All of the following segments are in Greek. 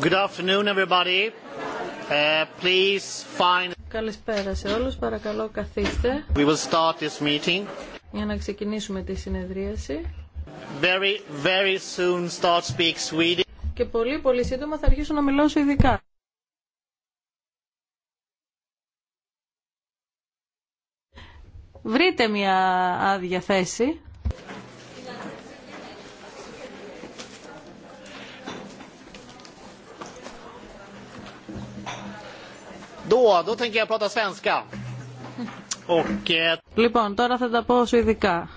Good afternoon everybody. Uh, please find... Καλησπέρα σε όλους. Παρακαλώ καθίστε. We will start this meeting. Για να ξεκινήσουμε τη συνεδρίαση. Very, very soon start speak Swedish. Και πολύ πολύ σύντομα θα αρχίσω να μιλώ Σουηδικά. Βρείτε μια άδεια θέση. Eh, λοιπόν, τώρα θα τα πω σουηδικά.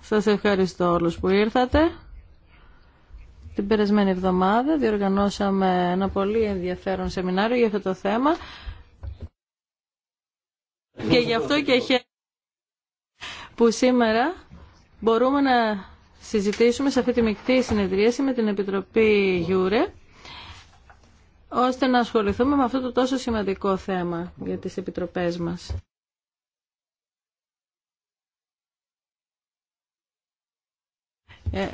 Σας ευχαριστώ όλους που ήρθατε. Την περασμένη εβδομάδα διοργανώσαμε ένα πολύ ενδιαφέρον σεμινάριο για αυτό το θέμα. Και γι' αυτό και χαίρομαι που σήμερα μπορούμε να συζητήσουμε σε αυτή τη μεικτή συνεδρίαση με την Επιτροπή Γιούρε ώστε να ασχοληθούμε με αυτό το τόσο σημαντικό θέμα για τις επιτροπές μας. Ε,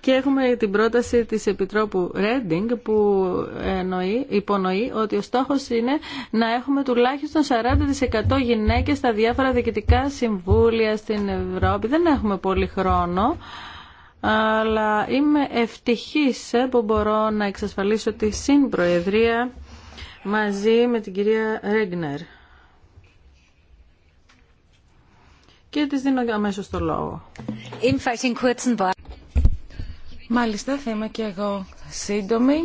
και έχουμε την πρόταση της Επιτρόπου Ρέντινγκ που εννοεί, υπονοεί ότι ο στόχος είναι να έχουμε τουλάχιστον 40% γυναίκες στα διάφορα διοικητικά συμβούλια στην Ευρώπη. Δεν έχουμε πολύ χρόνο αλλά είμαι ευτυχής ε, που μπορώ να εξασφαλίσω τη συμπροεδρία μαζί με την κυρία Ρέγνερ. Και της δίνω αμέσω το λόγο. Μάλιστα, θα είμαι και εγώ σύντομη.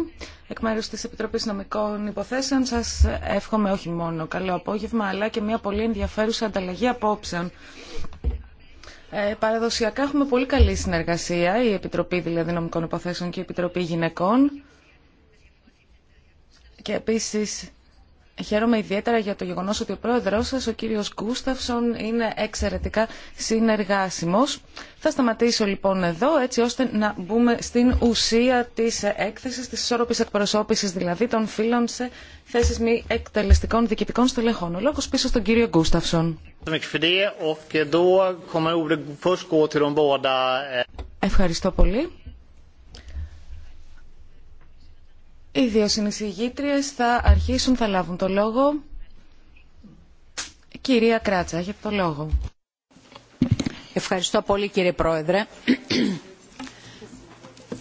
Εκ μέρους της Επιτροπής Νομικών Υποθέσεων σας εύχομαι όχι μόνο καλό απόγευμα, αλλά και μια πολύ ενδιαφέρουσα ανταλλαγή απόψεων. Ε, παραδοσιακά έχουμε πολύ καλή συνεργασία, η Επιτροπή δηλαδή Νομικών Υποθέσεων και η Επιτροπή Γυναικών. Και επίσης Χαίρομαι ιδιαίτερα για το γεγονός ότι ο πρόεδρός σας, ο κύριος Γκούσταυσον, είναι εξαιρετικά συνεργάσιμος. Θα σταματήσω λοιπόν εδώ, έτσι ώστε να μπούμε στην ουσία της έκθεσης, της ισόρροπης εκπροσώπησης δηλαδή των φίλων σε θέσεις μη εκτελεστικών διοικητικών στελεχών. Ο λόγος πίσω στον κύριο Γκούσταυσον. Ευχαριστώ πολύ. Οι δύο συνεισηγήτριες θα αρχίσουν, θα λάβουν το λόγο. Κυρία Κράτσα, έχετε το λόγο. Ευχαριστώ πολύ κύριε Πρόεδρε.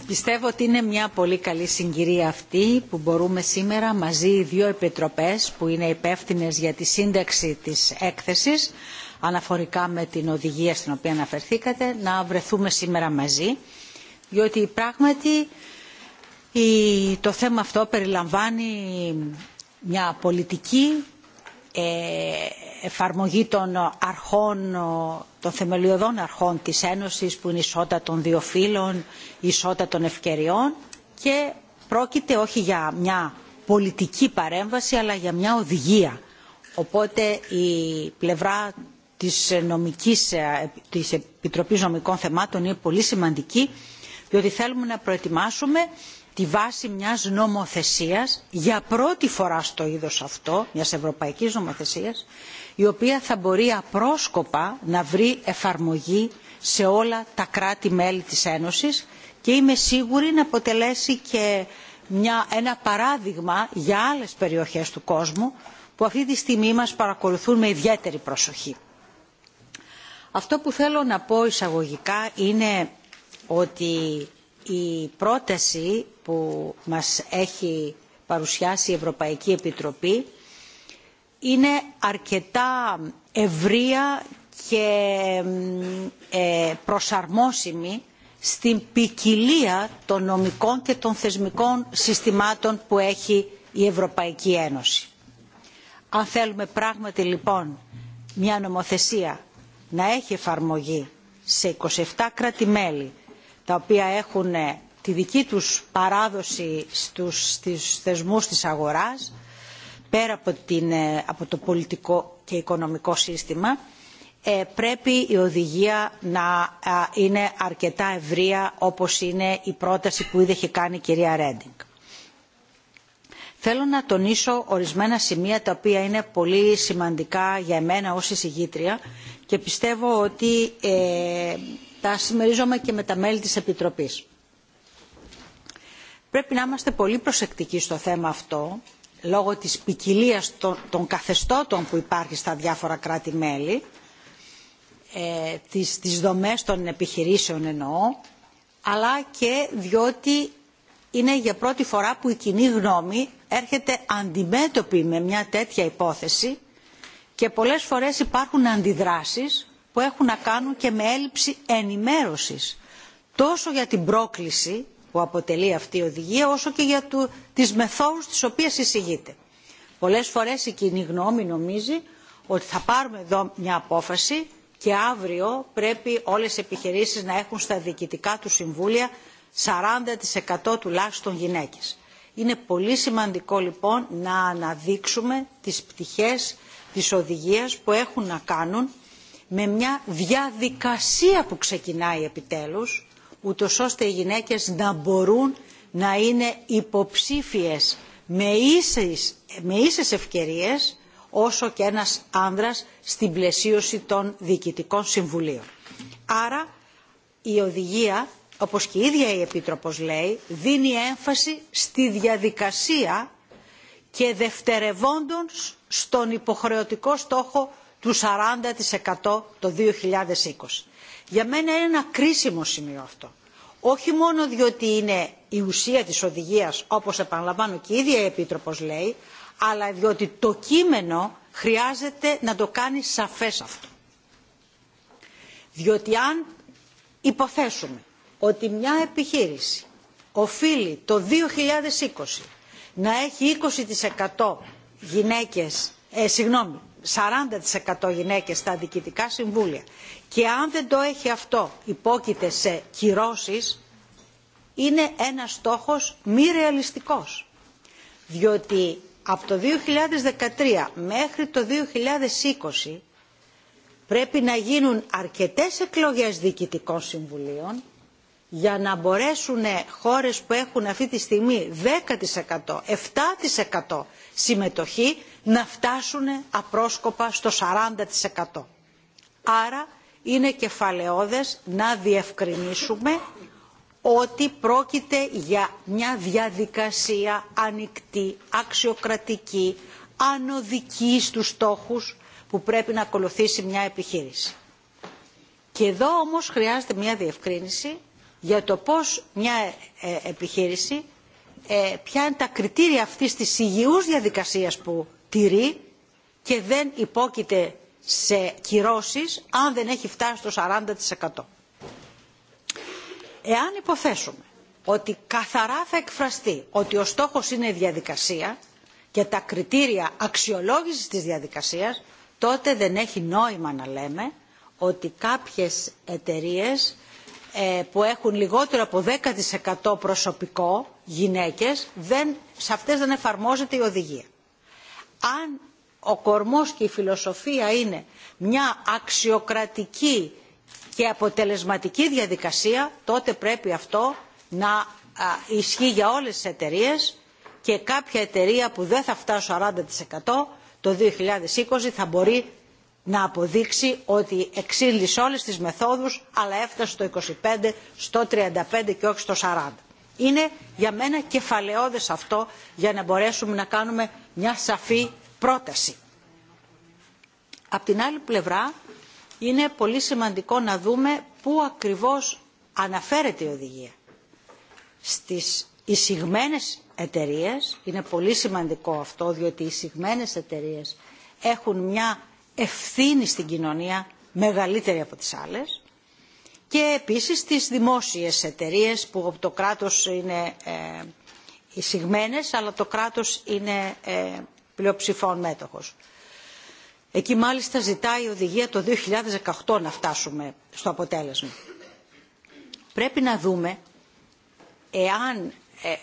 Πιστεύω ότι είναι μια πολύ καλή συγκυρία αυτή που μπορούμε σήμερα μαζί οι δύο επιτροπές που είναι υπεύθυνε για τη σύνταξη της έκθεσης αναφορικά με την οδηγία στην οποία αναφερθήκατε να βρεθούμε σήμερα μαζί διότι πράγματι το θέμα αυτό περιλαμβάνει μια πολιτική ε, εφαρμογή των αρχών, των θεμελιωδών αρχών της Ένωσης που είναι η ισότητα των δύο φύλων, η ισότητα των ευκαιριών και πρόκειται όχι για μια πολιτική παρέμβαση αλλά για μια οδηγία. Οπότε η πλευρά της, νομικής, ε, της Επιτροπής Νομικών Θεμάτων είναι πολύ σημαντική διότι θέλουμε να προετοιμάσουμε τη βάση μιας νομοθεσίας για πρώτη φορά στο είδος αυτό, μιας ευρωπαϊκής νομοθεσίας, η οποία θα μπορεί απρόσκοπα να βρει εφαρμογή σε όλα τα κράτη-μέλη της Ένωσης και είμαι σίγουρη να αποτελέσει και ένα παράδειγμα για άλλες περιοχές του κόσμου που αυτή τη στιγμή μας παρακολουθούν με ιδιαίτερη προσοχή. Αυτό που θέλω να πω εισαγωγικά είναι ότι η πρόταση που μας έχει παρουσιάσει η Ευρωπαϊκή Επιτροπή είναι αρκετά ευρεία και ε, προσαρμόσιμη στην ποικιλία των νομικών και των θεσμικών συστημάτων που έχει η Ευρωπαϊκή Ένωση. Αν θέλουμε πράγματι λοιπόν μια νομοθεσία να έχει εφαρμογή σε 27 κράτη-μέλη τα οποία έχουν ε, τη δική τους παράδοση στους, στους θεσμούς της αγοράς, πέρα από, την, ε, από το πολιτικό και οικονομικό σύστημα, ε, πρέπει η οδηγία να είναι αρκετά ευρεία όπως είναι η πρόταση που ήδη έχει κάνει η κυρία Ρέντινγκ. Θέλω να τονίσω ορισμένα σημεία τα οποία είναι πολύ σημαντικά για εμένα ως εισηγήτρια και πιστεύω ότι τα συμμερίζομαι και με τα μέλη της Επιτροπής. Πρέπει να είμαστε πολύ προσεκτικοί στο θέμα αυτό, λόγω της ποικιλία των καθεστώτων που υπάρχει στα διάφορα κράτη-μέλη, ε, τις, δομές των επιχειρήσεων εννοώ, αλλά και διότι είναι για πρώτη φορά που η κοινή γνώμη έρχεται αντιμέτωπη με μια τέτοια υπόθεση και πολλές φορές υπάρχουν αντιδράσεις που έχουν να κάνουν και με έλλειψη ενημέρωσης τόσο για την πρόκληση που αποτελεί αυτή η οδηγία όσο και για το, τις μεθόδους τις οποίες εισηγείται. Πολλές φορές η κοινή γνώμη νομίζει ότι θα πάρουμε εδώ μια απόφαση και αύριο πρέπει όλες οι επιχειρήσεις να έχουν στα διοικητικά του συμβούλια 40% τουλάχιστον γυναίκες. Είναι πολύ σημαντικό λοιπόν να αναδείξουμε τις πτυχές της οδηγίας που έχουν να κάνουν με μια διαδικασία που ξεκινάει επιτέλους, ούτως ώστε οι γυναίκες να μπορούν να είναι υποψήφιες με ίσες, με ευκαιρίες όσο και ένας άνδρας στην πλαισίωση των διοικητικών συμβουλίων. Άρα η οδηγία, όπως και η ίδια η Επίτροπος λέει, δίνει έμφαση στη διαδικασία και δευτερευόντων στον υποχρεωτικό στόχο του 40% το 2020. Για μένα είναι ένα κρίσιμο σημείο αυτό. Όχι μόνο διότι είναι η ουσία της οδηγίας, όπως επαναλαμβάνω και η ίδια η Επίτροπος λέει, αλλά διότι το κείμενο χρειάζεται να το κάνει σαφές αυτό. Διότι αν υποθέσουμε ότι μια επιχείρηση οφείλει το 2020 να έχει 20% γυναίκες, ε, συγγνώμη, 40% γυναίκες στα διοικητικά συμβούλια και αν δεν το έχει αυτό υπόκειται σε κυρώσεις είναι ένας στόχος μη ρεαλιστικός. Διότι από το 2013 μέχρι το 2020 πρέπει να γίνουν αρκετές εκλογές διοικητικών συμβουλίων για να μπορέσουν χώρες που έχουν αυτή τη στιγμή 10%, 7% συμμετοχή να φτάσουν απρόσκοπα στο 40%. Άρα είναι κεφαλαιόδες να διευκρινίσουμε ότι πρόκειται για μια διαδικασία ανοιχτή, αξιοκρατική, ανωδική στους στόχους που πρέπει να ακολουθήσει μια επιχείρηση. Και εδώ όμως χρειάζεται μια διευκρίνηση για το πώς μια ε, επιχείρηση, ε, ποια είναι τα κριτήρια αυτής της υγιούς διαδικασίας που τηρεί και δεν υπόκειται σε κυρώσεις αν δεν έχει φτάσει στο 40%. Εάν υποθέσουμε ότι καθαρά θα εκφραστεί ότι ο στόχος είναι η διαδικασία και τα κριτήρια αξιολόγησης της διαδικασίας, τότε δεν έχει νόημα να λέμε ότι κάποιες εταιρείες ε, που έχουν λιγότερο από 10% προσωπικό γυναίκες, δεν, σε αυτές δεν εφαρμόζεται η οδηγία αν ο κορμός και η φιλοσοφία είναι μια αξιοκρατική και αποτελεσματική διαδικασία, τότε πρέπει αυτό να ισχύει για όλες τις εταιρείες και κάποια εταιρεία που δεν θα φτάσει 40% το 2020 θα μπορεί να αποδείξει ότι εξήλυσε όλες τις μεθόδους αλλά έφτασε στο 25, στο 35 και όχι στο 40. Είναι για μένα κεφαλαιόδες αυτό για να μπορέσουμε να κάνουμε μια σαφή πρόταση. Απ' την άλλη πλευρά είναι πολύ σημαντικό να δούμε πού ακριβώς αναφέρεται η οδηγία. Στις εισηγμένες εταιρείες, είναι πολύ σημαντικό αυτό διότι οι εισηγμένες εταιρείες έχουν μια ευθύνη στην κοινωνία μεγαλύτερη από τις άλλες και επίσης τις δημόσιες εταιρείες που το κράτος είναι ε, εισηγμένες αλλά το κράτος είναι ε, πλειοψηφών μέτοχος. Εκεί μάλιστα ζητάει η οδηγία το 2018 να φτάσουμε στο αποτέλεσμα. Πρέπει να δούμε εάν ε,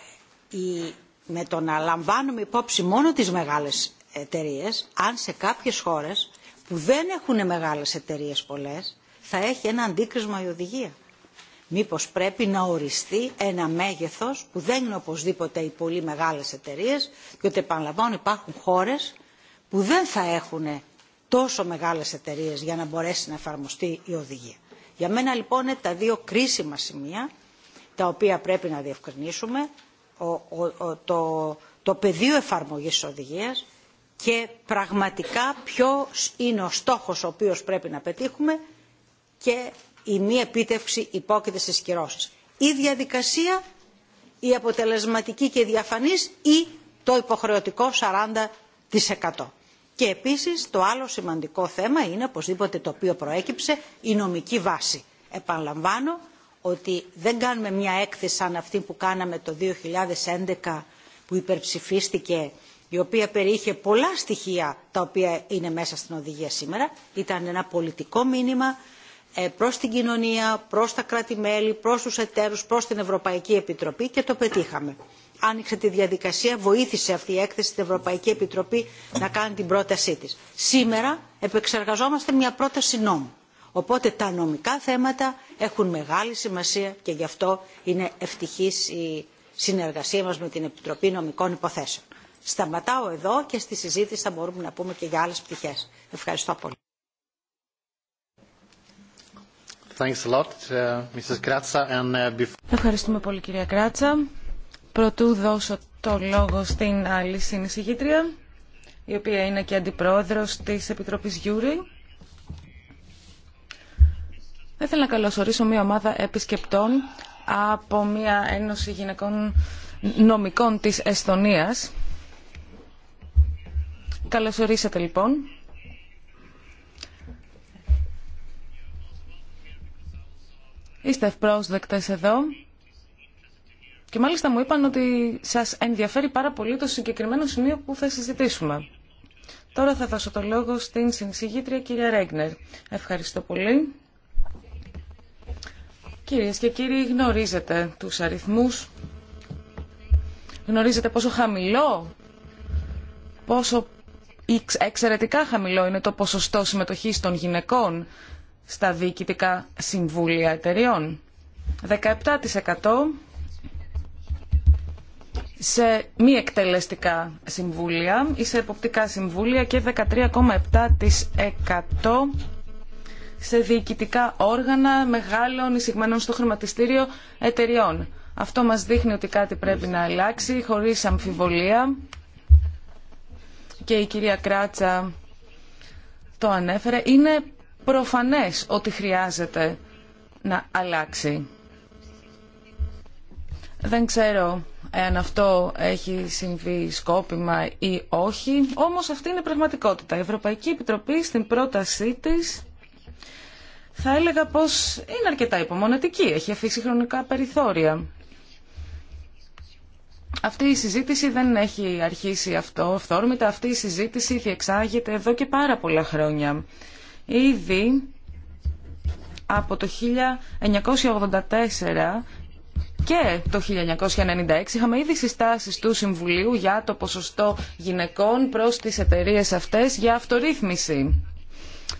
με το να λαμβάνουμε υπόψη μόνο τις μεγάλες εταιρείες, αν σε κάποιες χώρες που δεν έχουν μεγάλες εταιρείες πολλές, θα έχει ένα αντίκρισμα η οδηγία. Μήπως πρέπει να οριστεί ένα μέγεθος που δεν είναι οπωσδήποτε οι πολύ μεγάλες εταιρείες, διότι επαναλαμβάνω υπάρχουν χώρες που δεν θα έχουν τόσο μεγάλες εταιρείες για να μπορέσει να εφαρμοστεί η οδηγία. Για μένα λοιπόν είναι τα δύο κρίσιμα σημεία τα οποία πρέπει να διευκρινίσουμε το, το πεδίο εφαρμογής της οδηγίας και πραγματικά ποιος είναι ο στόχος ο οποίος πρέπει να πετύχουμε και η μη επίτευξη υπόκειται στις κυρώσεις. Η διαδικασία, η αποτελεσματική και διαφανής ή το υποχρεωτικό 40%. Και επίσης το άλλο σημαντικό θέμα είναι οπωσδήποτε το οποίο προέκυψε η νομική βάση. Επαναλαμβάνω ότι δεν κάνουμε μια έκθεση σαν αυτή που κάναμε το 2011 που υπερψηφίστηκε η οποία περιείχε πολλά στοιχεία τα οποία είναι μέσα στην οδηγία σήμερα. Ήταν ένα πολιτικό μήνυμα ε, προς την κοινωνία, προς τα κράτη-μέλη, προς τους εταίρους, προς την Ευρωπαϊκή Επιτροπή και το πετύχαμε. Άνοιξε τη διαδικασία, βοήθησε αυτή η έκθεση στην Ευρωπαϊκή Επιτροπή να κάνει την πρότασή της. Σήμερα επεξεργαζόμαστε μια πρόταση νόμου. Οπότε τα νομικά θέματα έχουν μεγάλη σημασία και γι' αυτό είναι ευτυχής η συνεργασία μας με την Επιτροπή Νομικών Υποθέσεων. Σταματάω εδώ και στη συζήτηση θα μπορούμε να πούμε και για άλλες πτυχές. Ευχαριστώ πολύ. Uh, uh, Ευχαριστούμε πολύ κυρία Κράτσα. Πρωτού δώσω το λόγο στην άλλη συνεισηγήτρια, η οποία είναι και αντιπρόεδρος της Επιτροπής Γιούρι. Θα ήθελα να καλωσορίσω μια ομάδα επισκεπτών από μια Ένωση Γυναικών Νομικών της Εσθονίας. Καλωσορίσατε, λοιπόν. Είστε ευπρόσδεκτες εδώ. Και μάλιστα μου είπαν ότι σας ενδιαφέρει πάρα πολύ το συγκεκριμένο σημείο που θα συζητήσουμε. Τώρα θα δώσω το λόγο στην συνσηγήτρια κυρία Ρέγνερ. Ευχαριστώ πολύ. Κυρίες και κύριοι, γνωρίζετε τους αριθμούς. Γνωρίζετε πόσο χαμηλό, πόσο εξαιρετικά χαμηλό είναι το ποσοστό συμμετοχής των γυναικών στα διοικητικά συμβούλια εταιριών. 17% σε μη εκτελεστικά συμβούλια ή σε εποπτικά συμβούλια και 13,7% σε διοικητικά όργανα μεγάλων εισηγμένων στο χρηματιστήριο εταιριών. Αυτό μας δείχνει ότι κάτι πρέπει να αλλάξει χωρίς αμφιβολία και η κυρία Κράτσα το ανέφερε. Είναι προφανές ότι χρειάζεται να αλλάξει. Δεν ξέρω εάν αυτό έχει συμβεί σκόπιμα ή όχι, όμως αυτή είναι πραγματικότητα. Η Ευρωπαϊκή Επιτροπή στην πρότασή της θα έλεγα πως είναι αρκετά υπομονετική, έχει αφήσει χρονικά περιθώρια. Αυτή η συζήτηση δεν έχει αρχίσει αυτό φθόρμητα, αυτή η συζήτηση διεξάγεται εδώ και πάρα πολλά χρόνια. Ήδη από το 1984 και το 1996 είχαμε ήδη συστάσεις του Συμβουλίου για το ποσοστό γυναικών προς τις εταιρείες αυτές για αυτορύθμιση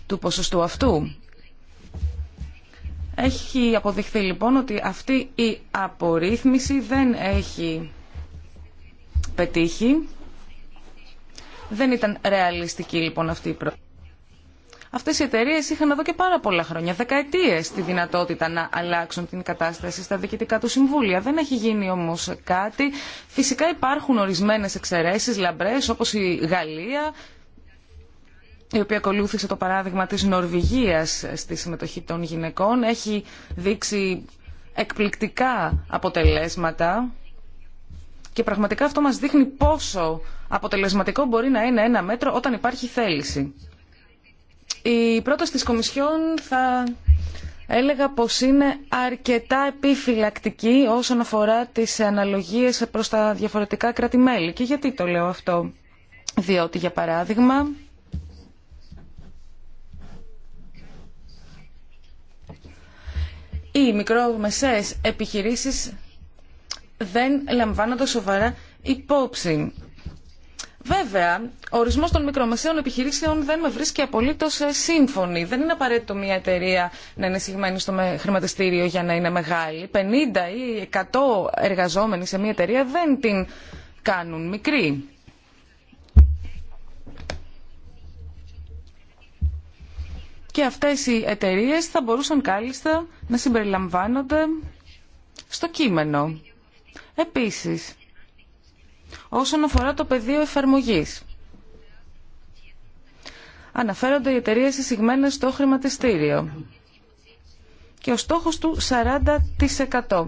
του ποσοστού αυτού. Έχει αποδειχθεί λοιπόν ότι αυτή η απορρίθμιση δεν έχει πετύχει. Δεν ήταν ρεαλιστική λοιπόν αυτή η πρόταση αυτές οι εταιρείε είχαν εδώ και πάρα πολλά χρόνια, δεκαετίες, τη δυνατότητα να αλλάξουν την κατάσταση στα διοικητικά του συμβούλια. Δεν έχει γίνει όμως κάτι. Φυσικά υπάρχουν ορισμένες εξαιρέσεις, λαμπρές, όπως η Γαλλία, η οποία ακολούθησε το παράδειγμα της Νορβηγίας στη συμμετοχή των γυναικών. Έχει δείξει εκπληκτικά αποτελέσματα και πραγματικά αυτό μας δείχνει πόσο αποτελεσματικό μπορεί να είναι ένα μέτρο όταν υπάρχει θέληση. Η πρόταση της Κομισιόν θα έλεγα πως είναι αρκετά επιφυλακτική όσον αφορά τις αναλογίες προς τα διαφορετικά κράτη-μέλη. Και γιατί το λέω αυτό. Διότι, για παράδειγμα, οι μικρομεσαίες επιχειρήσεις δεν λαμβάνονται σοβαρά υπόψη. Βέβαια, ο ορισμό των μικρομεσαίων επιχειρήσεων δεν με βρίσκει απολύτω ε, σύμφωνη. Δεν είναι απαραίτητο μια εταιρεία να είναι συγμένη στο χρηματιστήριο για να είναι μεγάλη. 50 ή 100 εργαζόμενοι σε μια εταιρεία δεν την κάνουν μικρή. Και αυτές οι εταιρείες θα μπορούσαν κάλλιστα να συμπεριλαμβάνονται στο κείμενο. Επίσης, όσον αφορά το πεδίο εφαρμογής. Αναφέρονται οι εταιρείε εισηγμένε στο χρηματιστήριο και ο στόχος του 40%.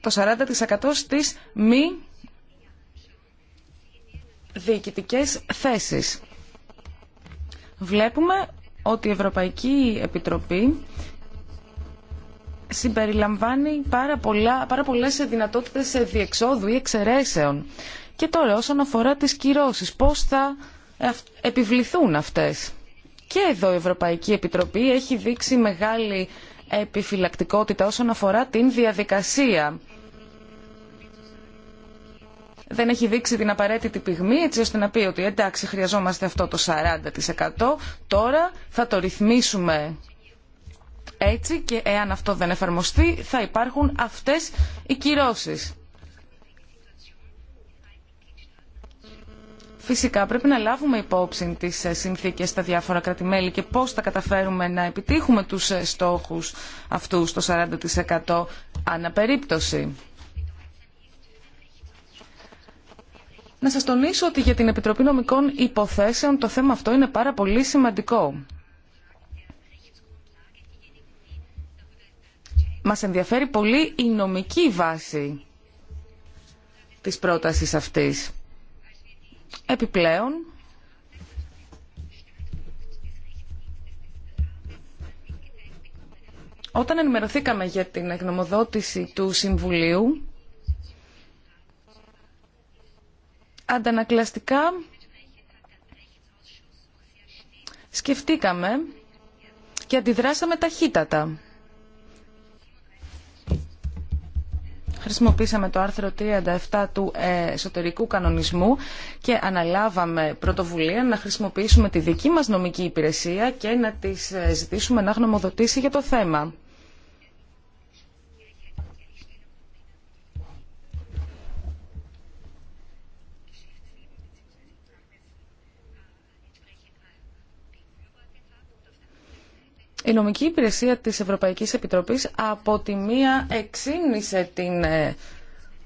Το 40% στις μη διοικητικές θέσεις. Βλέπουμε ότι η Ευρωπαϊκή Επιτροπή συμπεριλαμβάνει πάρα, πολλά, πάρα πολλές δυνατότητες διεξόδου ή εξαιρέσεων. Και τώρα όσον αφορά τις κυρώσεις, αυτές. Και εδώ η Ευρωπαϊκή Επιτροπή έχει δείξει μεγάλη επιφυλακτικότητα όσον αφορά την διαδικασία. Δεν έχει δείξει την απαραίτητη πυγμή έτσι ώστε να πει ότι εντάξει χρειαζόμαστε αυτό το 40% τώρα θα το ρυθμίσουμε έτσι και εάν αυτό δεν εφαρμοστεί θα υπάρχουν αυτές οι κυρώσεις. Φυσικά πρέπει να λάβουμε υπόψη τις ε, συνθήκες στα διάφορα κρατημέλη και πώς θα καταφέρουμε να επιτύχουμε τους ε, στόχους αυτού το 40% αναπερίπτωση. Να σας τονίσω ότι για την Επιτροπή Νομικών Υποθέσεων το θέμα αυτό είναι πάρα πολύ σημαντικό. Μας ενδιαφέρει πολύ η νομική βάση της πρότασης αυτής. Επιπλέον, όταν ενημερωθήκαμε για την εκνομοδότηση του Συμβουλίου, αντανακλαστικά σκεφτήκαμε και αντιδράσαμε ταχύτατα. χρησιμοποίησαμε το άρθρο 37 του ε, εσωτερικού κανονισμού και αναλάβαμε πρωτοβουλία να χρησιμοποιήσουμε τη δική μας νομική υπηρεσία και να της ε, ζητήσουμε να γνωμοδοτήσει για το θέμα. Η νομική υπηρεσία της Ευρωπαϊκής Επιτροπής από τη μία εξήμνησε την ε,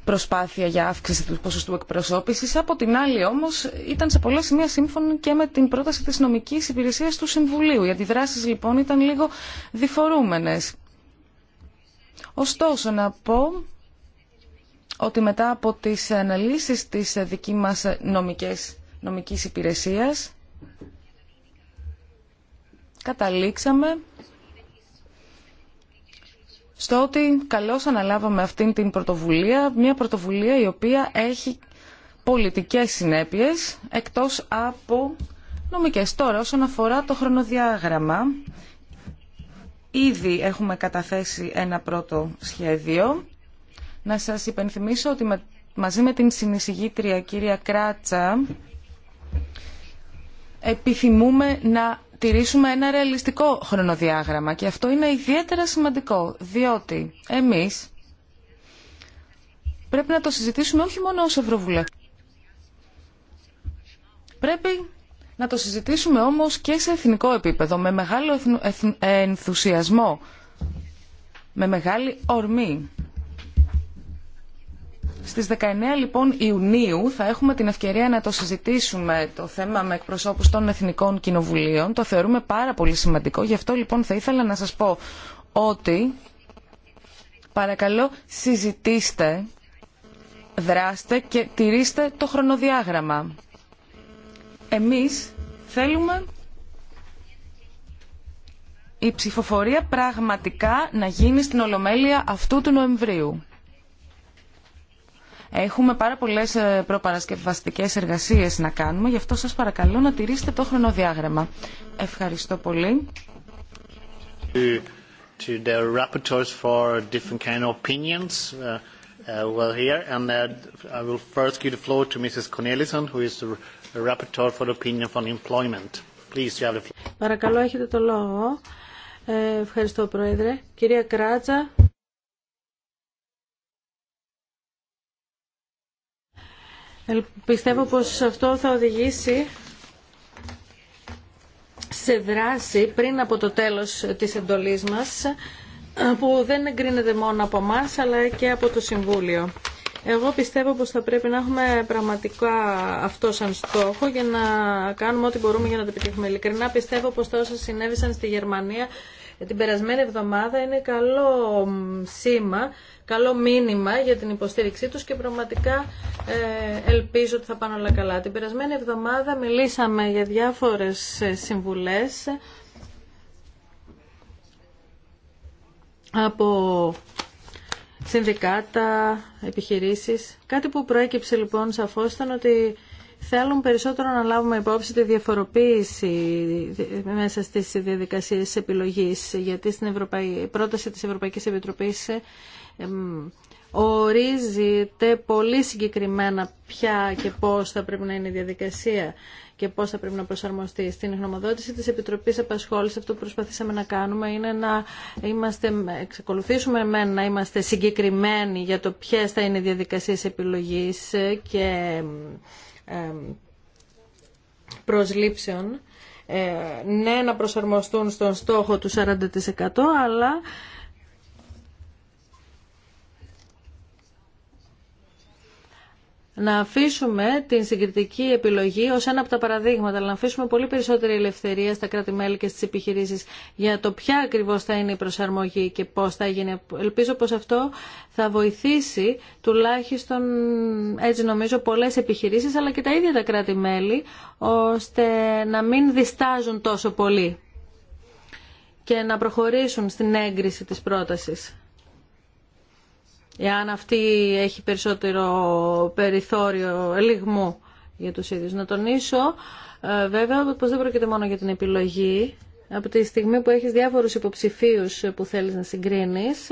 προσπάθεια για αύξηση του ποσοστού εκπροσώπησης, από την άλλη όμως ήταν σε πολλά σημεία σύμφωνη και με την πρόταση της νομικής υπηρεσίας του Συμβουλίου. Οι αντιδράσεις λοιπόν ήταν λίγο διφορούμενες. Ωστόσο να πω ότι μετά από τις αναλύσεις της δική μας νομικής υπηρεσίας καταλήξαμε στο ότι καλώς αναλάβαμε αυτήν την πρωτοβουλία, μια πρωτοβουλία η οποία έχει πολιτικές συνέπειες εκτός από νομικές. Τώρα όσον αφορά το χρονοδιάγραμμα, ήδη έχουμε καταθέσει ένα πρώτο σχέδιο. Να σας υπενθυμίσω ότι μαζί με την συνεισηγήτρια κυρία Κράτσα επιθυμούμε να τηρήσουμε ένα ρεαλιστικό χρονοδιάγραμμα και αυτό είναι ιδιαίτερα σημαντικό, διότι εμείς πρέπει να το συζητήσουμε όχι μόνο ως Ευρωβουλευτές. Πρέπει να το συζητήσουμε όμως και σε εθνικό επίπεδο, με μεγάλο ενθουσιασμό, με μεγάλη ορμή. Στις 19 λοιπόν Ιουνίου θα έχουμε την ευκαιρία να το συζητήσουμε το θέμα με εκπροσώπους των Εθνικών Κοινοβουλίων. Το θεωρούμε πάρα πολύ σημαντικό. Γι' αυτό λοιπόν θα ήθελα να σας πω ότι παρακαλώ συζητήστε, δράστε και τηρήστε το χρονοδιάγραμμα. Εμείς θέλουμε η ψηφοφορία πραγματικά να γίνει στην Ολομέλεια αυτού του Νοεμβρίου. Έχουμε πάρα πολλές ε, προπαρασκευαστικές εργασίες να κάνουμε, γι' αυτό σας παρακαλώ να τηρήσετε το χρονοδιάγραμμα. Ευχαριστώ πολύ. To the rapporteurs for different kind of opinions uh, uh, well here, and uh, I will first give the floor to Mrs. Cornelison, who is the rapporteur for the opinion on employment. Please, you have the floor. Παρακαλώ, έχετε το λόγο. Ε, ευχαριστώ, Πρόεδρε. Κυρία Κράτσα, Πιστεύω πως αυτό θα οδηγήσει σε δράση πριν από το τέλος της εντολής μας ε, που δεν εγκρίνεται μόνο από εμά αλλά και από το Συμβούλιο. Εγώ πιστεύω πως θα πρέπει να έχουμε πραγματικά αυτό σαν στόχο για να κάνουμε ό,τι μπορούμε για να το επιτύχουμε. Ειλικρινά πιστεύω πως τα όσα συνέβησαν στη Γερμανία την περασμένη εβδομάδα είναι καλό σήμα καλό μήνυμα για την υποστήριξή τους και πραγματικά ε, ελπίζω ότι θα πάνε όλα καλά. Την περασμένη εβδομάδα μιλήσαμε για διάφορες ε, συμβουλές ε, από συνδικάτα, επιχειρήσεις. Κάτι που προέκυψε λοιπόν σαφώς ήταν ότι θέλουν περισσότερο να λάβουμε υπόψη τη διαφοροποίηση μέσα στις διαδικασίες επιλογής, γιατί στην πρόταση της Ευρωπαϊκής Επιτροπής ορίζεται πολύ συγκεκριμένα ποια και πώς θα πρέπει να είναι η διαδικασία και πώς θα πρέπει να προσαρμοστεί. Στην γνωμοδότηση της Επιτροπής Απασχόλησης αυτό που προσπαθήσαμε να κάνουμε είναι να είμαστε, εξακολουθήσουμε με να είμαστε συγκεκριμένοι για το ποιε θα είναι οι διαδικασίες επιλογής και προσλήψεων. Ε, ναι, να προσαρμοστούν στον στόχο του 40% αλλά να αφήσουμε την συγκριτική επιλογή ως ένα από τα παραδείγματα, αλλά να αφήσουμε πολύ περισσότερη ελευθερία στα κράτη-μέλη και στις επιχειρήσεις για το ποια ακριβώς θα είναι η προσαρμογή και πώς θα γίνει. Ελπίζω πως αυτό θα βοηθήσει τουλάχιστον, έτσι νομίζω, πολλές επιχειρήσεις, αλλά και τα ίδια τα κράτη-μέλη, ώστε να μην διστάζουν τόσο πολύ και να προχωρήσουν στην έγκριση της πρότασης εάν αυτή έχει περισσότερο περιθώριο ελιγμού για τους ίδιους. Να τονίσω ε, βέβαια πως δεν πρόκειται μόνο για την επιλογή. Από τη στιγμή που έχεις διάφορους υποψηφίους που θέλεις να συγκρίνεις,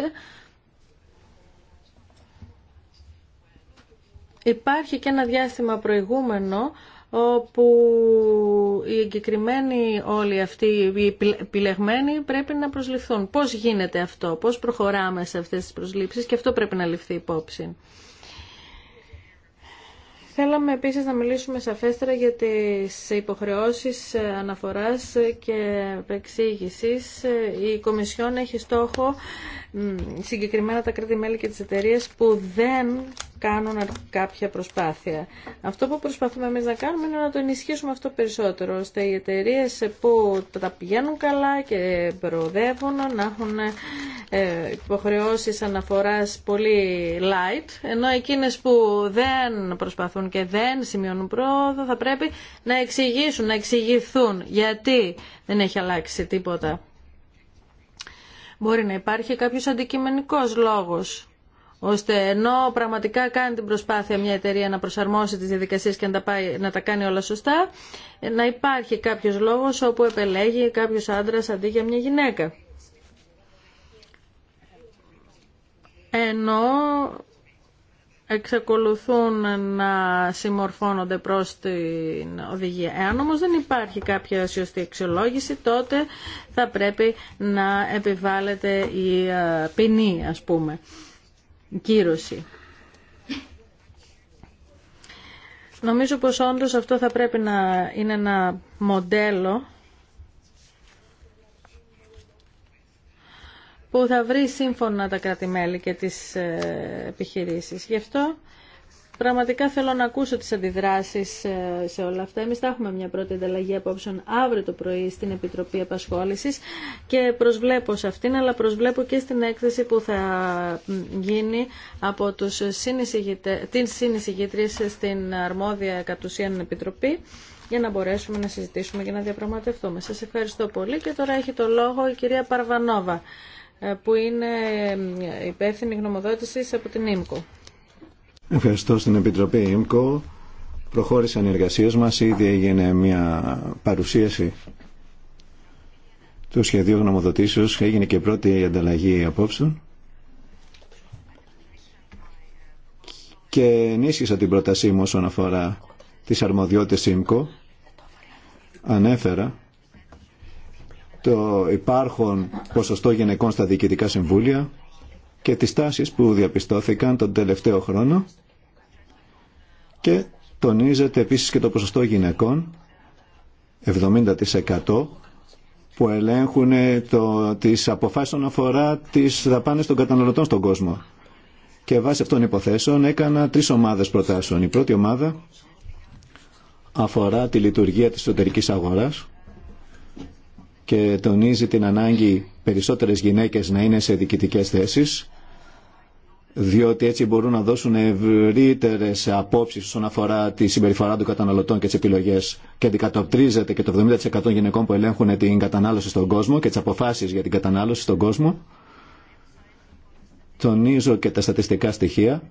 υπάρχει και ένα διάστημα προηγούμενο όπου οι εγκεκριμένοι όλοι αυτοί οι επιλεγμένοι πρέπει να προσληφθούν. Πώς γίνεται αυτό, πώς προχωράμε σε αυτές τις προσλήψεις και αυτό πρέπει να ληφθεί υπόψη. Θέλαμε επίσης να μιλήσουμε σαφέστερα για τις υποχρεώσεις αναφοράς και επεξήγησης. Η Κομισιόν έχει στόχο συγκεκριμένα τα κράτη-μέλη και τις εταιρείες που δεν κάνουν κάποια προσπάθεια. Αυτό που προσπαθούμε εμείς να κάνουμε είναι να το ενισχύσουμε αυτό περισσότερο, ώστε οι εταιρείε που τα πηγαίνουν καλά και προοδεύουν να έχουν ε, υποχρεώσεις αναφοράς πολύ light, ενώ εκείνες που δεν προσπαθούν και δεν σημειώνουν πρόοδο θα πρέπει να εξηγήσουν, να εξηγηθούν γιατί δεν έχει αλλάξει τίποτα. Μπορεί να υπάρχει κάποιος αντικειμενικός λόγος ώστε ενώ πραγματικά κάνει την προσπάθεια μια εταιρεία να προσαρμόσει τις διαδικασίες και να τα, να τα κάνει όλα σωστά, να υπάρχει κάποιος λόγος όπου επελέγει κάποιος άντρας αντί για μια γυναίκα. Ενώ εξακολουθούν να συμμορφώνονται προς την οδηγία. Εάν όμως δεν υπάρχει κάποια σωστή αξιολόγηση, τότε θα πρέπει να επιβάλλεται η ε, ποινή, ας πούμε κύρωση. Νομίζω πως όντως αυτό θα πρέπει να είναι ένα μοντέλο που θα βρει σύμφωνα τα κράτη-μέλη και τις ε, επιχειρήσεις. Γι' αυτό Πραγματικά θέλω να ακούσω τις αντιδράσεις ε, σε όλα αυτά. Εμείς θα έχουμε μια πρώτη ανταλλαγή απόψεων αύριο το πρωί στην Επιτροπή Επασχόλησης και προσβλέπω σε αυτήν, αλλά προσβλέπω και στην έκθεση που θα γίνει από τους την συνεισηγητρία στην αρμόδια κατουσίαν Επιτροπή για να μπορέσουμε να συζητήσουμε και να διαπραγματευτούμε. Σας ευχαριστώ πολύ και τώρα έχει το λόγο η κυρία Παρβανόβα ε, που είναι ε, υπεύθυνη γνωμοδότησης από την ΙΜΚΟ. Ευχαριστώ στην Επιτροπή Εμκο. Προχώρησαν οι εργασίες μας. Ήδη έγινε μια παρουσίαση του σχεδίου γνωμοδοτήσεως. Έγινε και πρώτη ανταλλαγή απόψεων. Και ενίσχυσα την πρότασή μου όσον αφορά τις αρμοδιότητες Μκο. Ανέφερα το υπάρχον ποσοστό γυναικών στα διοικητικά συμβούλια και τις τάσεις που διαπιστώθηκαν τον τελευταίο χρόνο και τονίζεται επίσης και το ποσοστό γυναικών 70% που ελέγχουν το, τις αποφάσεις αφορά τις δαπάνες των καταναλωτών στον κόσμο. Και βάσει αυτών υποθέσεων έκανα τρεις ομάδες προτάσεων. Η πρώτη ομάδα αφορά τη λειτουργία της εσωτερικής αγοράς και τονίζει την ανάγκη περισσότερες γυναίκες να είναι σε διοικητικές θέσεις διότι έτσι μπορούν να δώσουν ευρύτερε απόψει όσον αφορά τη συμπεριφορά των καταναλωτών και τι επιλογέ. Και αντικατοπτρίζεται και το 70% των γυναικών που ελέγχουν την κατανάλωση στον κόσμο και τι αποφάσει για την κατανάλωση στον κόσμο. Τονίζω και τα στατιστικά στοιχεία.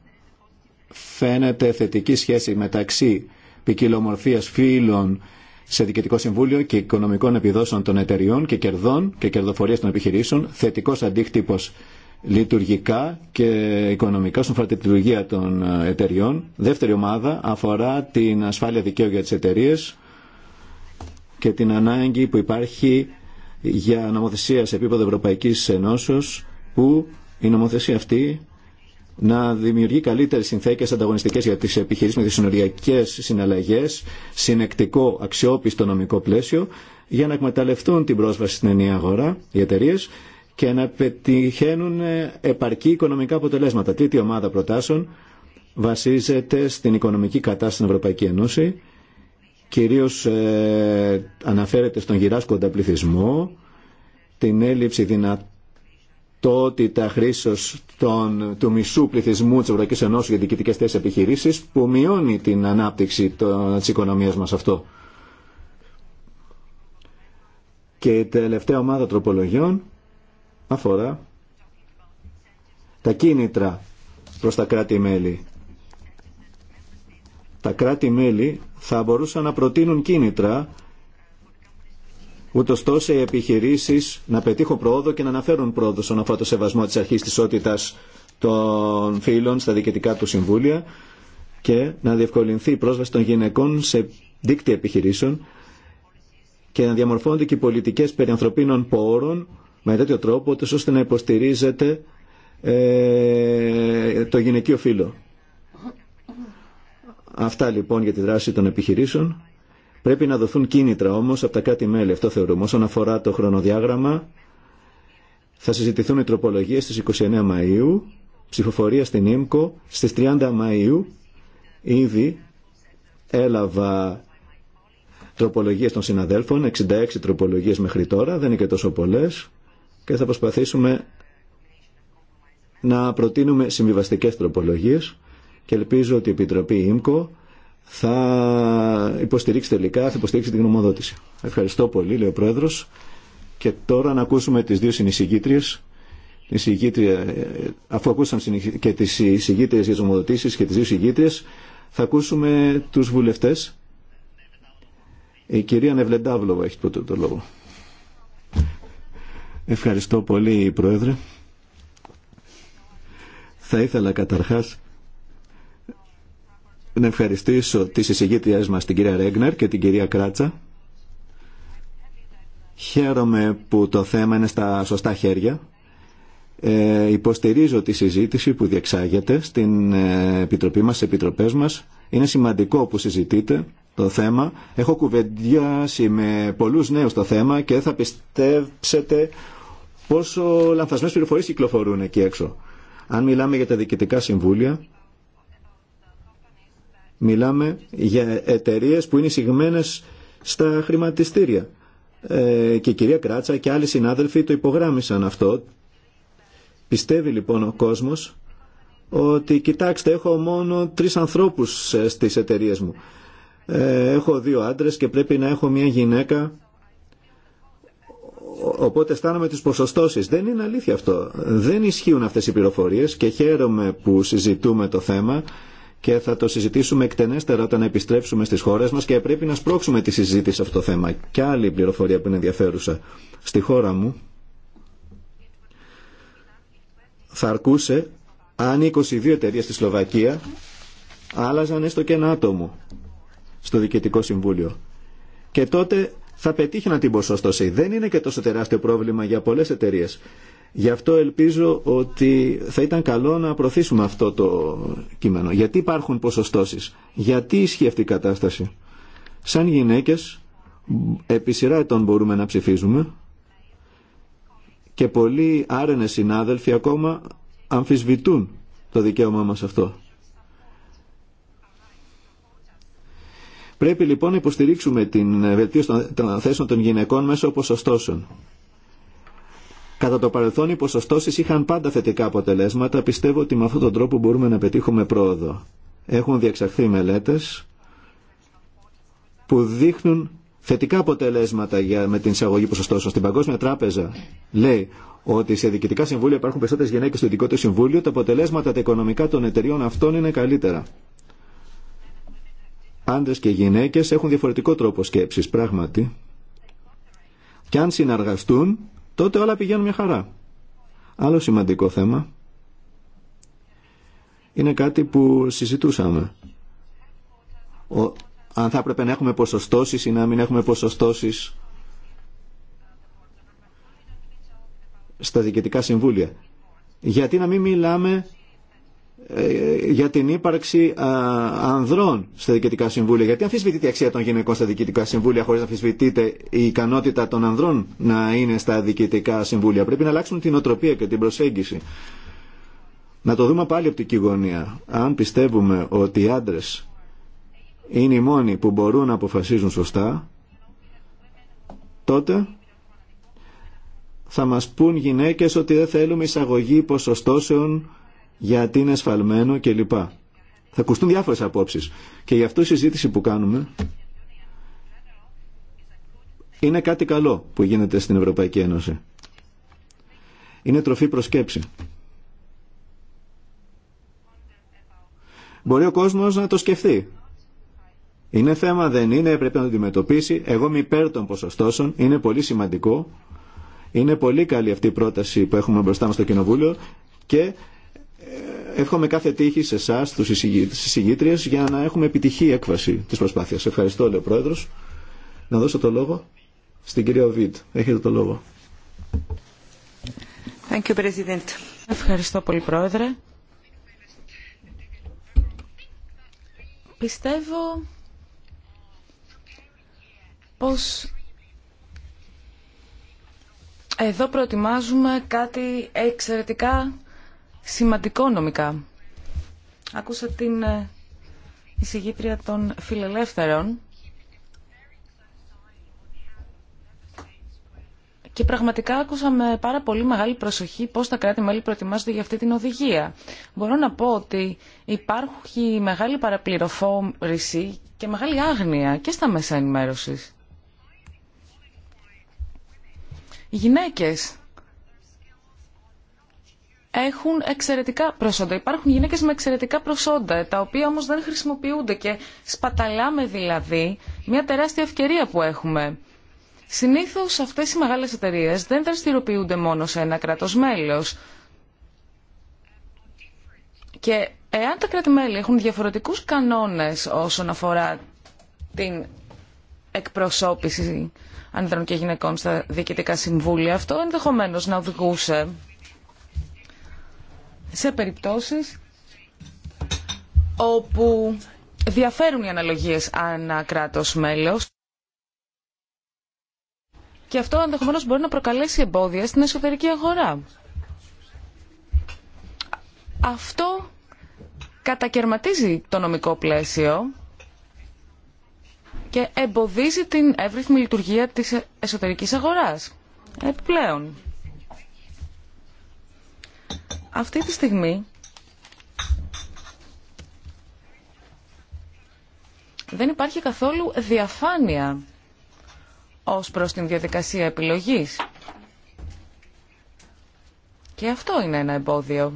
Φαίνεται θετική σχέση μεταξύ ποικιλομορφία φύλων σε διοικητικό συμβούλιο και οικονομικών επιδόσεων των εταιριών και κερδών και κερδοφορία των επιχειρήσεων. Θετικό αντίκτυπο λειτουργικά και οικονομικά στον τη λειτουργία των ε, εταιριών. Δεύτερη ομάδα αφορά την ασφάλεια δικαίου για τις εταιρείε και την ανάγκη που υπάρχει για νομοθεσία σε επίπεδο Ευρωπαϊκής Ενώσεως που η νομοθεσία αυτή να δημιουργεί καλύτερες συνθήκες ανταγωνιστικές για τις επιχειρήσεις με τι συνοριακές συναλλαγές συνεκτικό αξιόπιστο νομικό πλαίσιο, για να εκμεταλλευτούν την πρόσβαση στην ενιαία αγορά οι εταιρείε και να πετυχαίνουν επαρκή οικονομικά αποτελέσματα. Τρίτη ομάδα προτάσεων βασίζεται στην οικονομική κατάσταση στην Ευρωπαϊκή Ένωση, κυρίως ε, αναφέρεται στον γυράσκοντα πληθυσμό, την έλλειψη δυνατότητα χρήσεως των, του μισού πληθυσμού της Ευρωπαϊκής Ενώσης για διοικητικές θέσεις επιχειρήσεις, που μειώνει την ανάπτυξη τη της οικονομίας μας αυτό. Και η τελευταία ομάδα τροπολογιών αφορά τα κίνητρα προς τα κράτη-μέλη. Τα κράτη-μέλη θα μπορούσαν να προτείνουν κίνητρα ούτω τόσο οι επιχειρήσεις να πετύχουν πρόοδο και να αναφέρουν πρόοδο στον αφορά το σεβασμό της αρχής της ισότητας των φίλων στα διοικητικά του συμβούλια και να διευκολυνθεί η πρόσβαση των γυναικών σε δίκτυα επιχειρήσεων και να διαμορφώνονται και οι πολιτικές περιανθρωπίνων πόρων με τέτοιο τρόπο ώστε να υποστηρίζεται ε, το γυναικείο φύλλο. Αυτά λοιπόν για τη δράση των επιχειρήσεων. Πρέπει να δοθούν κίνητρα όμως από τα κάτι μελη Αυτό θεωρούμε. Όσον αφορά το χρονοδιάγραμμα, θα συζητηθούν οι τροπολογίες στις 29 Μαΐου, ψηφοφορία στην ΙΜΚΟ στις 30 Μαΐου. Ήδη έλαβα τροπολογίες των συναδέλφων, 66 τροπολογίες μέχρι τώρα, δεν είναι και τόσο πολλές και θα προσπαθήσουμε να προτείνουμε συμβιβαστικές τροπολογίες και ελπίζω ότι η Επιτροπή ΙΜΚΟ θα υποστηρίξει τελικά, θα υποστηρίξει την γνωμοδότηση. Ευχαριστώ πολύ, λέει ο Πρόεδρος. Και τώρα να ακούσουμε τις δύο συνεισηγήτριες. Αφού ακούσαν και τις εισηγήτριες για τις και τις δύο εισηγήτριες, θα ακούσουμε τους βουλευτές. Η κυρία Νευλεντάβλοβα έχει το λόγο. Ευχαριστώ πολύ, Πρόεδρε. Θα ήθελα καταρχάς να ευχαριστήσω τη εισηγήτριές μας, την κυρία Ρέγνερ και την κυρία Κράτσα. Χαίρομαι που το θέμα είναι στα σωστά χέρια. Ε, υποστηρίζω τη συζήτηση που διεξάγεται στην ε, Επιτροπή μας, στις Επιτροπές μας. Είναι σημαντικό που συζητείτε το θέμα. Έχω κουβεντιάσει με πολλούς νέους το θέμα και θα πιστέψετε πόσο λανθασμένες πληροφορίες κυκλοφορούν εκεί έξω. Αν μιλάμε για τα διοικητικά συμβούλια, μιλάμε για εταιρείες που είναι εισηγμένες στα χρηματιστήρια. Ε, και η κυρία Κράτσα και άλλοι συνάδελφοι το υπογράμμισαν αυτό. Πιστεύει λοιπόν ο κόσμος ότι κοιτάξτε έχω μόνο τρεις ανθρώπους ε, στις εταιρείε μου. Ε, έχω δύο άντρες και πρέπει να έχω μια γυναίκα Οπότε αισθάνομαι τις ποσοστώσεις. Δεν είναι αλήθεια αυτό. Δεν ισχύουν αυτές οι πληροφορίες και χαίρομαι που συζητούμε το θέμα και θα το συζητήσουμε εκτενέστερα όταν επιστρέψουμε στις χώρες μας και πρέπει να σπρώξουμε τη συζήτηση σε αυτό το θέμα. Και άλλη πληροφορία που είναι ενδιαφέρουσα. Στη χώρα μου θα αρκούσε αν 22 εταιρείε στη Σλοβακία άλλαζαν έστω και ένα άτομο στο Διοικητικό Συμβούλιο. Και τότε θα πετύχει να την ποσοστώσει. Δεν είναι και τόσο τεράστιο πρόβλημα για πολλέ εταιρείε. Γι' αυτό ελπίζω ότι θα ήταν καλό να προωθήσουμε αυτό το κείμενο. Γιατί υπάρχουν ποσοστώσει, Γιατί ισχύει αυτή η κατάσταση. Σαν γυναίκες, επί σειρά ετών μπορούμε να ψηφίζουμε και πολλοί άρενες συνάδελφοι ακόμα αμφισβητούν το δικαίωμά μας αυτό. Πρέπει λοιπόν να υποστηρίξουμε την βελτίωση των θέσεων των γυναικών μέσω ποσοστώσεων. Κατά το παρελθόν οι ποσοστώσεις είχαν πάντα θετικά αποτελέσματα. Πιστεύω ότι με αυτόν τον τρόπο μπορούμε να πετύχουμε πρόοδο. Έχουν διεξαχθεί μελέτες που δείχνουν θετικά αποτελέσματα για, με την εισαγωγή ποσοστώσεων. Στην Παγκόσμια Τράπεζα λέει ότι σε διοικητικά συμβούλια υπάρχουν περισσότερε γυναίκε στο ειδικό του συμβούλιο, τα αποτελέσματα τα οικονομικά των εταιριών αυτών είναι καλύτερα. Άντρες και γυναίκες έχουν διαφορετικό τρόπο σκέψης, πράγματι. Και αν συνεργαστούν, τότε όλα πηγαίνουν μια χαρά. Άλλο σημαντικό θέμα είναι κάτι που συζητούσαμε. Ο, αν θα έπρεπε να έχουμε ποσοστώσεις ή να μην έχουμε ποσοστώσεις στα διοικητικά συμβούλια. Γιατί να μην μιλάμε ε, για την ύπαρξη ε, ανδρών στα διοικητικά συμβούλια. Γιατί αμφισβητείται η αξία των γυναικών στα διοικητικά συμβούλια χωρίς να αμφισβητείται η ικανότητα των ανδρών να είναι στα διοικητικά συμβούλια. Πρέπει να αλλάξουν την οτροπία και την προσέγγιση. Να το δούμε πάλι από την γωνία. Αν πιστεύουμε ότι οι άντρε είναι οι μόνοι που μπορούν να αποφασίζουν σωστά, τότε θα μας πούν γυναίκες ότι δεν θέλουμε εισαγωγή ποσοστώσεων γιατί είναι ασφαλμένο κλπ. Θα ακουστούν διάφορες απόψεις. Και γι' αυτό η συζήτηση που κάνουμε είναι κάτι καλό που γίνεται στην Ευρωπαϊκή Ένωση. Είναι τροφή προσκέψη. Μπορεί ο κόσμος να το σκεφτεί. Είναι θέμα, δεν είναι, πρέπει να το αντιμετωπίσει. Εγώ είμαι υπέρ των ποσοστώσεων, είναι πολύ σημαντικό. Είναι πολύ καλή αυτή η πρόταση που έχουμε μπροστά μας στο Κοινοβούλιο και εύχομαι κάθε τύχη σε εσά, του συζητήτριε, για να έχουμε επιτυχή έκβαση τη προσπάθεια. Ευχαριστώ, λέει ο Πρόεδρο. Να δώσω το λόγο στην κυρία Βίτ. Έχετε το λόγο. Thank you, Ευχαριστώ πολύ, Πρόεδρε. Πιστεύω πως εδώ προετοιμάζουμε κάτι εξαιρετικά σημαντικό νομικά. Ακούσα την ε, εισηγήτρια των φιλελεύθερων και πραγματικά άκουσα με πάρα πολύ μεγάλη προσοχή πώς τα κράτη-μέλη προετοιμάζονται για αυτή την οδηγία. Μπορώ να πω ότι υπάρχει μεγάλη παραπληροφόρηση και μεγάλη άγνοια και στα μέσα ενημέρωσης. Οι γυναίκες έχουν εξαιρετικά προσόντα. Υπάρχουν γυναίκες με εξαιρετικά προσόντα, τα οποία όμως δεν χρησιμοποιούνται και σπαταλάμε δηλαδή μια τεράστια ευκαιρία που έχουμε. Συνήθως αυτές οι μεγάλες εταιρείε δεν δραστηριοποιούνται μόνο σε ένα κράτο μέλο. Και εάν τα κράτη-μέλη έχουν διαφορετικού κανόνες όσον αφορά την εκπροσώπηση ανδρών και γυναικών στα διοικητικά συμβούλια, αυτό ενδεχομένω να οδηγούσε σε περιπτώσεις όπου διαφέρουν οι αναλογίες ανά κράτος μέλος και αυτό ενδεχομένω μπορεί να προκαλέσει εμπόδια στην εσωτερική αγορά. Αυτό κατακαιρματίζει το νομικό πλαίσιο και εμποδίζει την εύρυθμη λειτουργία της εσωτερικής αγοράς. Επιπλέον, αυτή τη στιγμή δεν υπάρχει καθόλου διαφάνεια ως προς την διαδικασία επιλογής. Και αυτό είναι ένα εμπόδιο.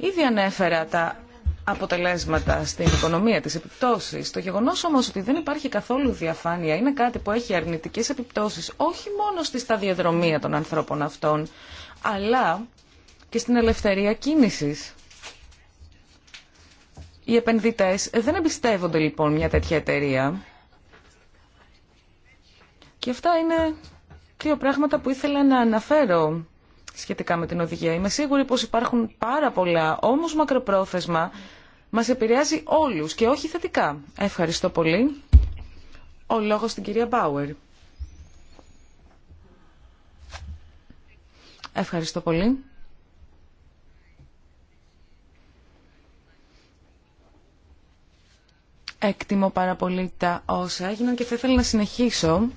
Ήδη ανέφερα τα αποτελέσματα στην οικονομία, τις επιπτώσεις. Το γεγονός όμως ότι δεν υπάρχει καθόλου διαφάνεια είναι κάτι που έχει αρνητικές επιπτώσεις όχι μόνο στη σταδιοδρομία των ανθρώπων αυτών, αλλά και στην ελευθερία κίνησης. Οι επενδυτές δεν εμπιστεύονται λοιπόν μια τέτοια εταιρεία. Και αυτά είναι δύο πράγματα που ήθελα να αναφέρω σχετικά με την οδηγία. Είμαι σίγουρη πως υπάρχουν πάρα πολλά, όμως μακροπρόθεσμα μας επηρεάζει όλους και όχι θετικά. Ευχαριστώ πολύ. Ο λόγος στην κυρία Μπάουερ. Ευχαριστώ πολύ. Εκτιμώ πάρα πολύ τα όσα έγιναν και θα ήθελα να συνεχίσω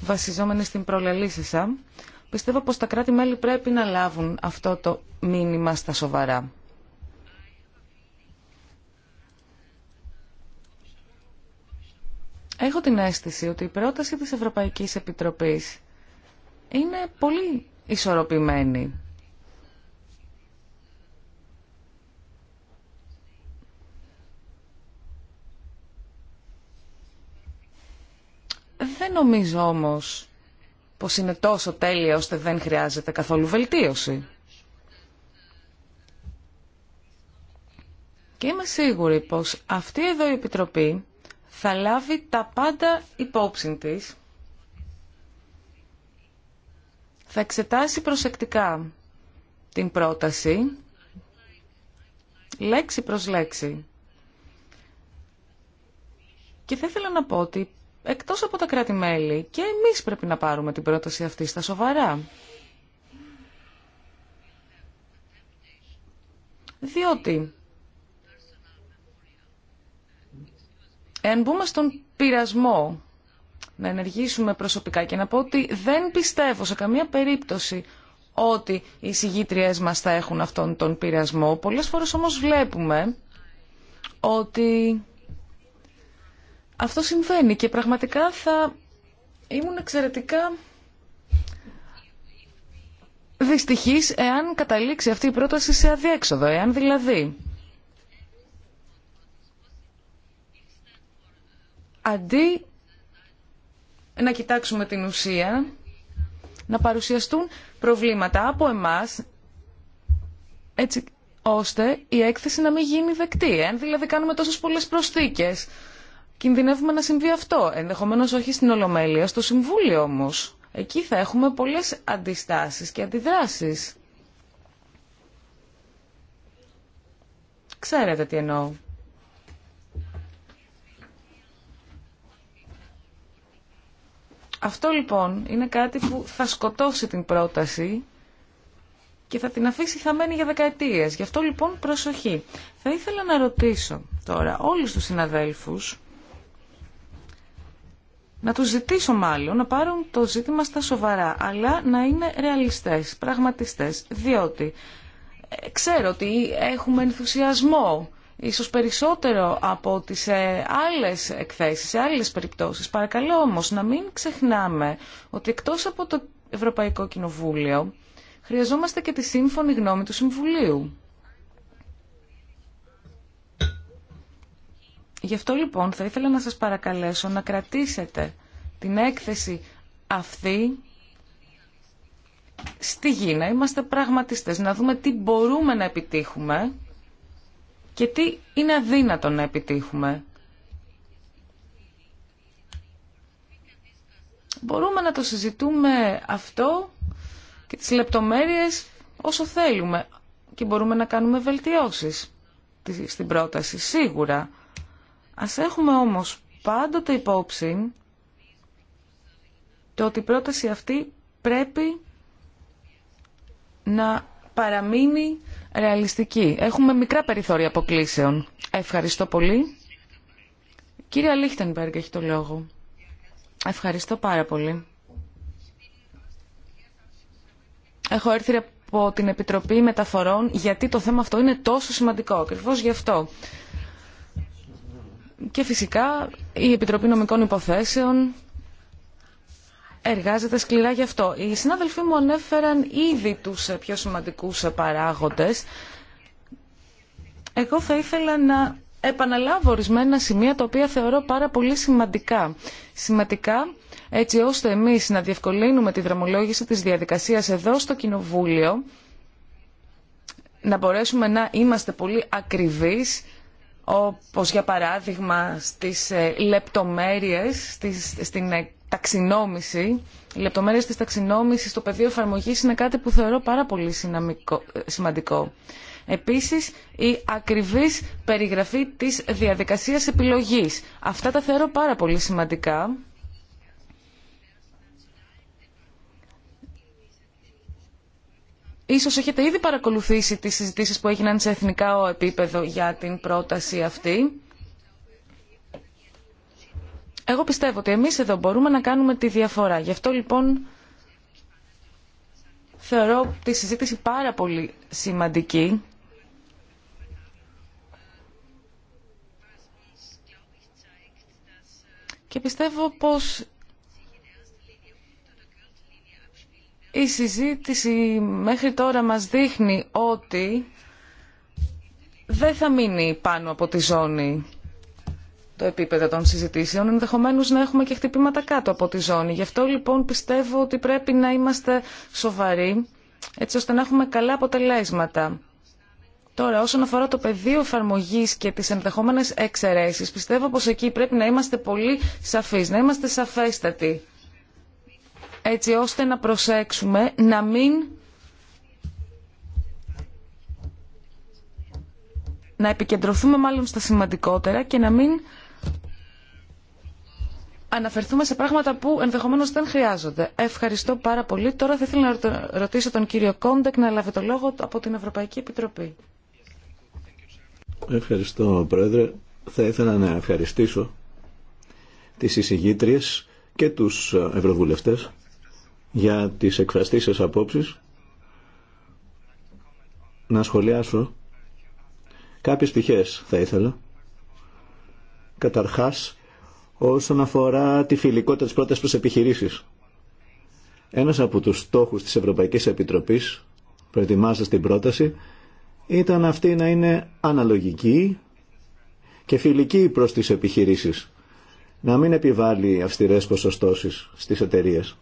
βασιζόμενη στην σας. Πιστεύω πως τα κράτη-μέλη πρέπει να λάβουν αυτό το μήνυμα στα σοβαρά. Έχω την αίσθηση ότι η πρόταση της Ευρωπαϊκής Επιτροπής είναι πολύ ισορροπημένη. Δεν νομίζω όμως πως είναι τόσο τέλεια ώστε δεν χρειάζεται καθόλου βελτίωση. Και είμαι σίγουρη πως αυτή εδώ η Επιτροπή θα λάβει τα πάντα υπόψη της. Θα εξετάσει προσεκτικά την πρόταση, λέξη προς λέξη. Και θα ήθελα να πω ότι εκτός από τα κράτη-μέλη. Και εμείς πρέπει να πάρουμε την πρόταση αυτή στα σοβαρά. Διότι, εάν μπούμε στον πειρασμό να ενεργήσουμε προσωπικά και να πω ότι δεν πιστεύω σε καμία περίπτωση ότι οι συγγήτριές μας θα έχουν αυτόν τον πειρασμό. Πολλές φορές όμως βλέπουμε ότι αυτό συμβαίνει και πραγματικά θα ήμουν εξαιρετικά δυστυχής εάν καταλήξει αυτή η πρόταση σε αδιέξοδο, εάν δηλαδή αντί να κοιτάξουμε την ουσία, να παρουσιαστούν προβλήματα από εμάς, έτσι ώστε η έκθεση να μην γίνει δεκτή. Εάν δηλαδή κάνουμε τόσες πολλές προσθήκες, κινδυνεύουμε να συμβεί αυτό. Ενδεχομένω όχι στην Ολομέλεια, στο Συμβούλιο όμω, Εκεί θα έχουμε πολλές αντιστάσεις και αντιδράσεις. Ξέρετε τι εννοώ. Αυτό λοιπόν είναι κάτι που θα σκοτώσει την πρόταση και θα την αφήσει χαμένη για δεκαετίες. Γι' αυτό λοιπόν προσοχή. Θα ήθελα να ρωτήσω τώρα όλους τους συναδέλφους να τους ζητήσω μάλλον να πάρουν το ζήτημα στα σοβαρά, αλλά να είναι ρεαλιστές, πραγματιστές, διότι ε, ξέρω ότι έχουμε ενθουσιασμό, ίσως περισσότερο από ότι σε άλλες εκθέσεις, σε άλλες περιπτώσεις. Παρακαλώ όμως να μην ξεχνάμε ότι εκτός από το Ευρωπαϊκό Κοινοβούλιο χρειαζόμαστε και τη σύμφωνη γνώμη του Συμβουλίου. Γι' αυτό λοιπόν θα ήθελα να σας παρακαλέσω να κρατήσετε την έκθεση αυτή στη γη, είμαστε πραγματιστές, να δούμε τι μπορούμε να επιτύχουμε και τι είναι αδύνατο να επιτύχουμε. Μπορούμε να το συζητούμε αυτό και τις λεπτομέρειες όσο θέλουμε και μπορούμε να κάνουμε βελτιώσεις στην πρόταση, σίγουρα. Ας έχουμε όμως πάντοτε υπόψη το ότι η πρόταση αυτή πρέπει να παραμείνει ρεαλιστική. Έχουμε μικρά περιθώρια αποκλήσεων. Ευχαριστώ πολύ. Κύριε Λίχτενμπεργκ έχει το λόγο. Ευχαριστώ πάρα πολύ. Έχω έρθει από την Επιτροπή Μεταφορών γιατί το θέμα αυτό είναι τόσο σημαντικό. Ακριβώς γι' αυτό. Και φυσικά η Επιτροπή Νομικών Υποθέσεων εργάζεται σκληρά γι' αυτό. Οι συνάδελφοί μου ανέφεραν ήδη τους ε, πιο σημαντικούς ε, παράγοντες. Εγώ θα ήθελα να επαναλάβω ορισμένα σημεία τα οποία θεωρώ πάρα πολύ σημαντικά. Σημαντικά έτσι ώστε εμείς να διευκολύνουμε τη δρομολόγηση της διαδικασίας εδώ στο Κοινοβούλιο, να μπορέσουμε να είμαστε πολύ ακριβείς όπως για παράδειγμα στις ε, λεπτομέρειες, στην ε, ταξινόμηση. Οι λεπτομέρειες της ταξινόμησης στο πεδίο εφαρμογής είναι κάτι που θεωρώ πάρα πολύ ε, σημαντικό. Επίσης, η ακριβής περιγραφή της διαδικασίας επιλογής. Αυτά τα θεωρώ πάρα πολύ σημαντικά Ίσως έχετε ήδη παρακολουθήσει τις συζητήσεις που έγιναν σε εθνικά επίπεδο για την πρόταση αυτή. Εγώ πιστεύω ότι εμείς εδώ μπορούμε να κάνουμε τη διαφορά. Γι' αυτό λοιπόν θεωρώ τη συζήτηση πάρα πολύ σημαντική. Και πιστεύω πως Η συζήτηση μέχρι τώρα μας δείχνει ότι δεν θα μείνει πάνω από τη ζώνη το επίπεδο των συζητήσεων, ενδεχομένω να έχουμε και χτυπήματα κάτω από τη ζώνη. Γι' αυτό λοιπόν πιστεύω ότι πρέπει να είμαστε σοβαροί, έτσι ώστε να έχουμε καλά αποτελέσματα. Τώρα, όσον αφορά το πεδίο εφαρμογή και τι ενδεχόμενε εξαιρέσει, πιστεύω πω εκεί πρέπει να είμαστε πολύ σαφεί, να είμαστε σαφέστατοι έτσι ώστε να προσέξουμε να μην να επικεντρωθούμε μάλλον στα σημαντικότερα και να μην αναφερθούμε σε πράγματα που ενδεχομένως δεν χρειάζονται. Ευχαριστώ πάρα πολύ. Τώρα θα ήθελα να ρωτήσω τον κύριο Κόντεκ να λάβει το λόγο από την Ευρωπαϊκή Επιτροπή. Ευχαριστώ, Πρόεδρε. Θα ήθελα να ευχαριστήσω τις εισηγήτριες και τους ευρωβουλευτές για τις εκφραστήσεις απόψεις να σχολιάσω κάποιες πτυχές θα ήθελα καταρχάς όσον αφορά τη φιλικότητα της πρώτης προς επιχειρήσεις ένας από τους στόχους της Ευρωπαϊκής Επιτροπής προετοιμάζοντας την πρόταση ήταν αυτή να είναι αναλογική και φιλική προς τις επιχειρήσεις να μην επιβάλλει αυστηρές ποσοστώσεις στις εταιρείες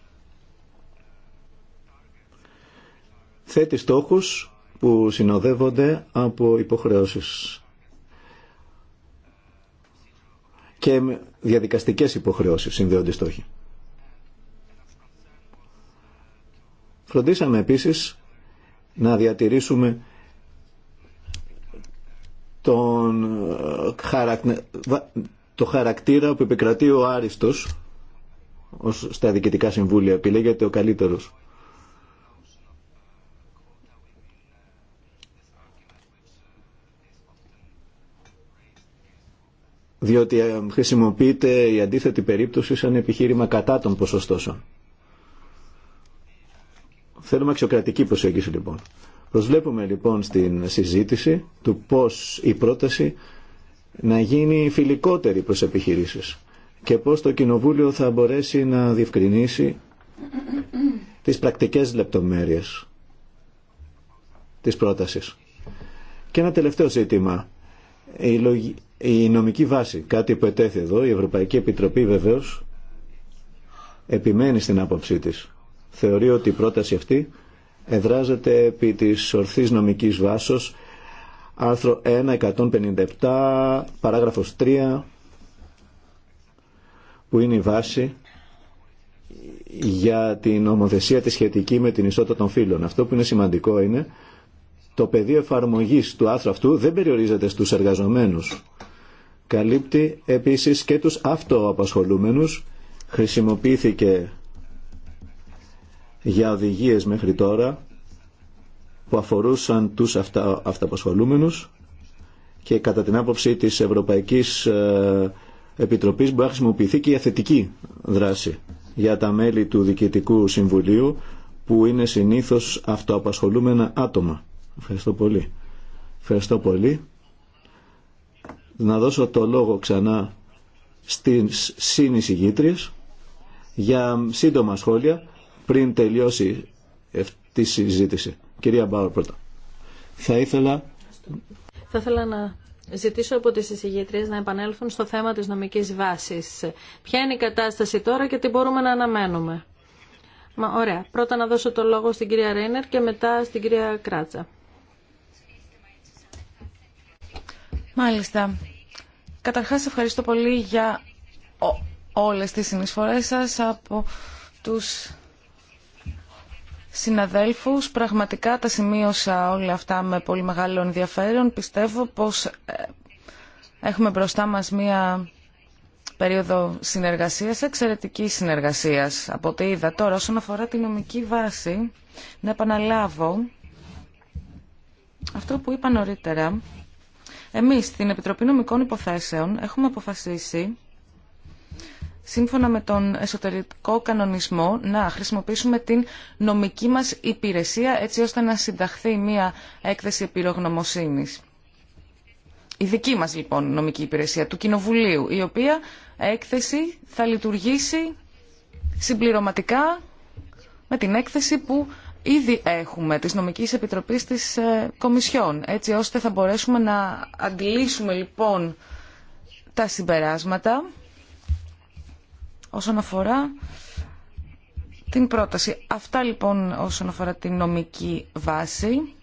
θέτει στόχους που συνοδεύονται από υποχρεώσεις και διαδικαστικές υποχρεώσεις συνδέονται στόχοι. Φροντίσαμε επίσης να διατηρήσουμε τον ε, το χαρακτήρα που επικρατεί ο Άριστος ως στα διοικητικά συμβούλια επιλέγεται ο καλύτερος διότι ε, χρησιμοποιείται η αντίθετη περίπτωση σαν επιχείρημα κατά των ποσοστώσεων. Θέλουμε αξιοκρατική προσέγγιση λοιπόν. Προσβλέπουμε λοιπόν στην συζήτηση του πώς η πρόταση να γίνει φιλικότερη προς επιχειρήσεις και πώς το Κοινοβούλιο θα μπορέσει να διευκρινίσει τις πρακτικές λεπτομέρειες της πρότασης. Και ένα τελευταίο ζήτημα. Η νομική βάση, κάτι που ετέθη εδώ, η Ευρωπαϊκή Επιτροπή βεβαίως επιμένει στην άποψή τη. Θεωρεί ότι η πρόταση αυτή εδράζεται επί της ορθής νομικής βάσος άρθρο 157, παράγραφος 3 που είναι η βάση για την ομοθεσία τη σχετική με την ισότητα των φύλων. Αυτό που είναι σημαντικό είναι το πεδίο εφαρμογή του άρθρου αυτού δεν περιορίζεται στους εργαζομένους. Καλύπτει επίσης και τους αυτοαπασχολούμενους. Χρησιμοποιήθηκε για οδηγίε μέχρι τώρα που αφορούσαν τους αυτα, και κατά την άποψη της Ευρωπαϊκής ε, Επιτροπής μπορεί να χρησιμοποιηθεί και η αθετική δράση για τα μέλη του Διοικητικού Συμβουλίου που είναι συνήθως αυτοαπασχολούμενα άτομα. Ευχαριστώ πολύ. Ευχαριστώ πολύ. Να δώσω το λόγο ξανά στην συνεισηγήτριες για σύντομα σχόλια πριν τελειώσει αυτή η συζήτηση. Κυρία Μπάουρ πρώτα. Θα ήθελα... Θα ήθελα να ζητήσω από τις εισηγήτριες να επανέλθουν στο θέμα της νομικής βάσης. Ποια είναι η κατάσταση τώρα και τι μπορούμε να αναμένουμε. Μα, ωραία. Πρώτα να δώσω το λόγο στην κυρία Ρέινερ και μετά στην κυρία Κράτσα. Μάλιστα. Καταρχάς ευχαριστώ πολύ για όλες τις συνεισφορές σας από τους συναδέλφους. Πραγματικά τα σημείωσα όλα αυτά με πολύ μεγάλο ενδιαφέρον. Πιστεύω πως ε, έχουμε μπροστά μας μία περίοδο συνεργασίας, εξαιρετική συνεργασίας από ό,τι είδα. Τώρα όσον αφορά τη νομική βάση, να επαναλάβω αυτό που είπα νωρίτερα εμείς στην Επιτροπή Νομικών Υποθέσεων έχουμε αποφασίσει σύμφωνα με τον εσωτερικό κανονισμό να χρησιμοποιήσουμε την νομική μας υπηρεσία έτσι ώστε να συνταχθεί μια έκθεση επιρρογνωμοσύνης. Η δική μας λοιπόν νομική υπηρεσία του Κοινοβουλίου η οποία έκθεση θα λειτουργήσει συμπληρωματικά με την έκθεση που ήδη έχουμε της Νομικής Επιτροπής της ε, Κομισιόν, έτσι ώστε θα μπορέσουμε να αντλήσουμε λοιπόν τα συμπεράσματα όσον αφορά την πρόταση. Αυτά λοιπόν όσον αφορά την νομική βάση.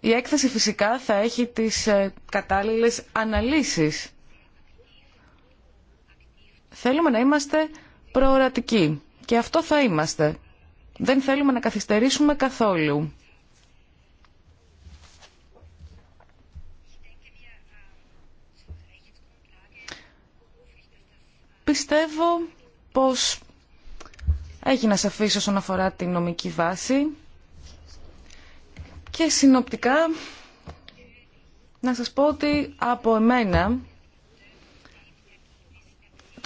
Η έκθεση φυσικά θα έχει τις ε, κατάλληλες αναλύσεις. Θέλουμε να είμαστε προορατικοί. Και αυτό θα είμαστε. Δεν θέλουμε να καθυστερήσουμε καθόλου. Πιστεύω πως σε σαφίσει όσον αφορά τη νομική βάση και συνοπτικά να σας πω ότι από εμένα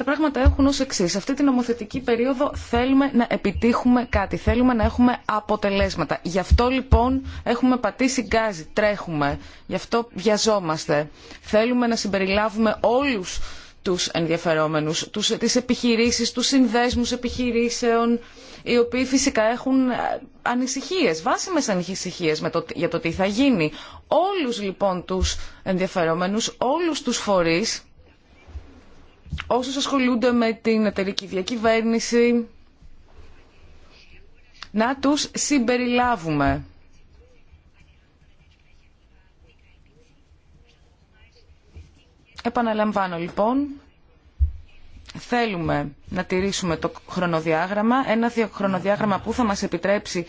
τα πράγματα έχουν ως εξή. Σε αυτή την νομοθετική περίοδο θέλουμε να επιτύχουμε κάτι, θέλουμε να έχουμε αποτελέσματα. Γι' αυτό λοιπόν έχουμε πατήσει γκάζι, τρέχουμε, γι' αυτό βιαζόμαστε. Θέλουμε να συμπεριλάβουμε όλους τους ενδιαφερόμενους, τους, τις επιχειρήσεις, τους συνδέσμους επιχειρήσεων, οι οποίοι φυσικά έχουν ε, ανησυχίες, βάσιμες ανησυχίες με το, για το τι θα γίνει. Όλους λοιπόν τους ενδιαφερόμενους, όλους τους φορείς, όσους ασχολούνται με την εταιρική διακυβέρνηση να τους συμπεριλάβουμε. Επαναλαμβάνω λοιπόν, θέλουμε να τηρήσουμε το χρονοδιάγραμμα, ένα χρονοδιάγραμμα που θα μας επιτρέψει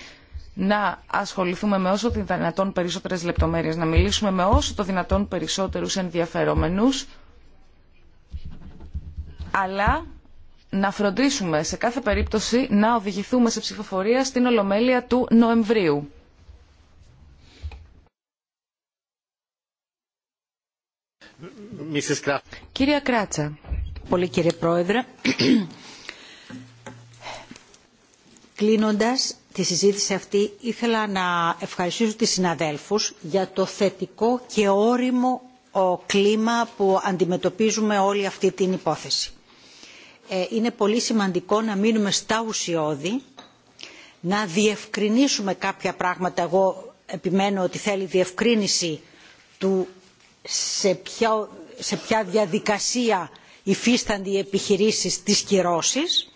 να ασχοληθούμε με όσο το δυνατόν περισσότερες λεπτομέρειες, να μιλήσουμε με όσο το δυνατόν περισσότερους ενδιαφερόμενους αλλά να φροντίσουμε σε κάθε περίπτωση να οδηγηθούμε σε ψηφοφορία στην Ολομέλεια του Νοεμβρίου. Κυρία Κράτσα. Πολύ κύριε Πρόεδρε. Κλείνοντας τη συζήτηση αυτή ήθελα να ευχαριστήσω τις συναδέλφους για το θετικό και όριμο κλίμα που αντιμετωπίζουμε όλη αυτή την υπόθεση ε, είναι πολύ σημαντικό να μείνουμε στα ουσιώδη, να διευκρινίσουμε κάποια πράγματα. Εγώ επιμένω ότι θέλει διευκρίνηση του σε ποια, διαδικασία υφίστανται οι επιχειρήσεις της κυρώσης.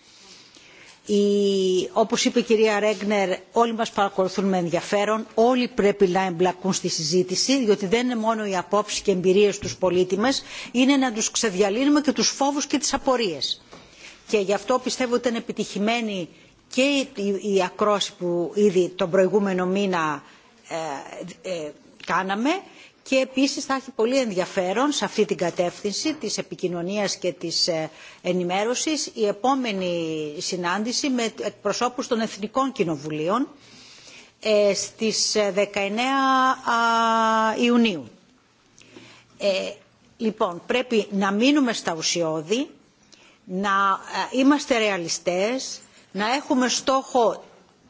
Η, όπως είπε η κυρία Ρέγνερ, όλοι μας παρακολουθούν με ενδιαφέρον, όλοι πρέπει να εμπλακούν στη συζήτηση, διότι δεν είναι μόνο οι απόψεις και εμπειρίες τους πολίτη μας, είναι να τους ξεδιαλύνουμε και τους φόβους και τις απορίες και γι' αυτό πιστεύω ότι ήταν επιτυχημένη και η ακρόση που ήδη τον προηγούμενο μήνα ε, ε, κάναμε και επίσης θα έχει πολύ ενδιαφέρον σε αυτή την κατεύθυνση της επικοινωνίας και της ε, ενημέρωσης η επόμενη συνάντηση με εκπροσώπους των Εθνικών Κοινοβουλίων στις 19 Ιουνίου. Λοιπόν, πρέπει να μείνουμε στα ουσιώδη να ε, είμαστε ρεαλιστές, να έχουμε στόχο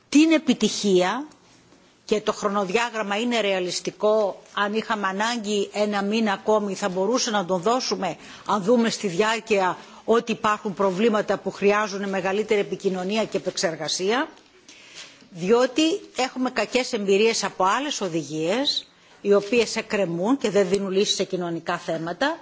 την επιτυχία και το χρονοδιάγραμμα είναι ρεαλιστικό. Αν είχαμε ανάγκη ένα μήνα ακόμη θα μπορούσε να τον δώσουμε αν δούμε στη διάρκεια ότι υπάρχουν προβλήματα που χρειάζονται μεγαλύτερη επικοινωνία και επεξεργασία διότι έχουμε κακές εμπειρίες από άλλες οδηγίες οι οποίες εκκρεμούν και δεν δίνουν λύσεις σε κοινωνικά θέματα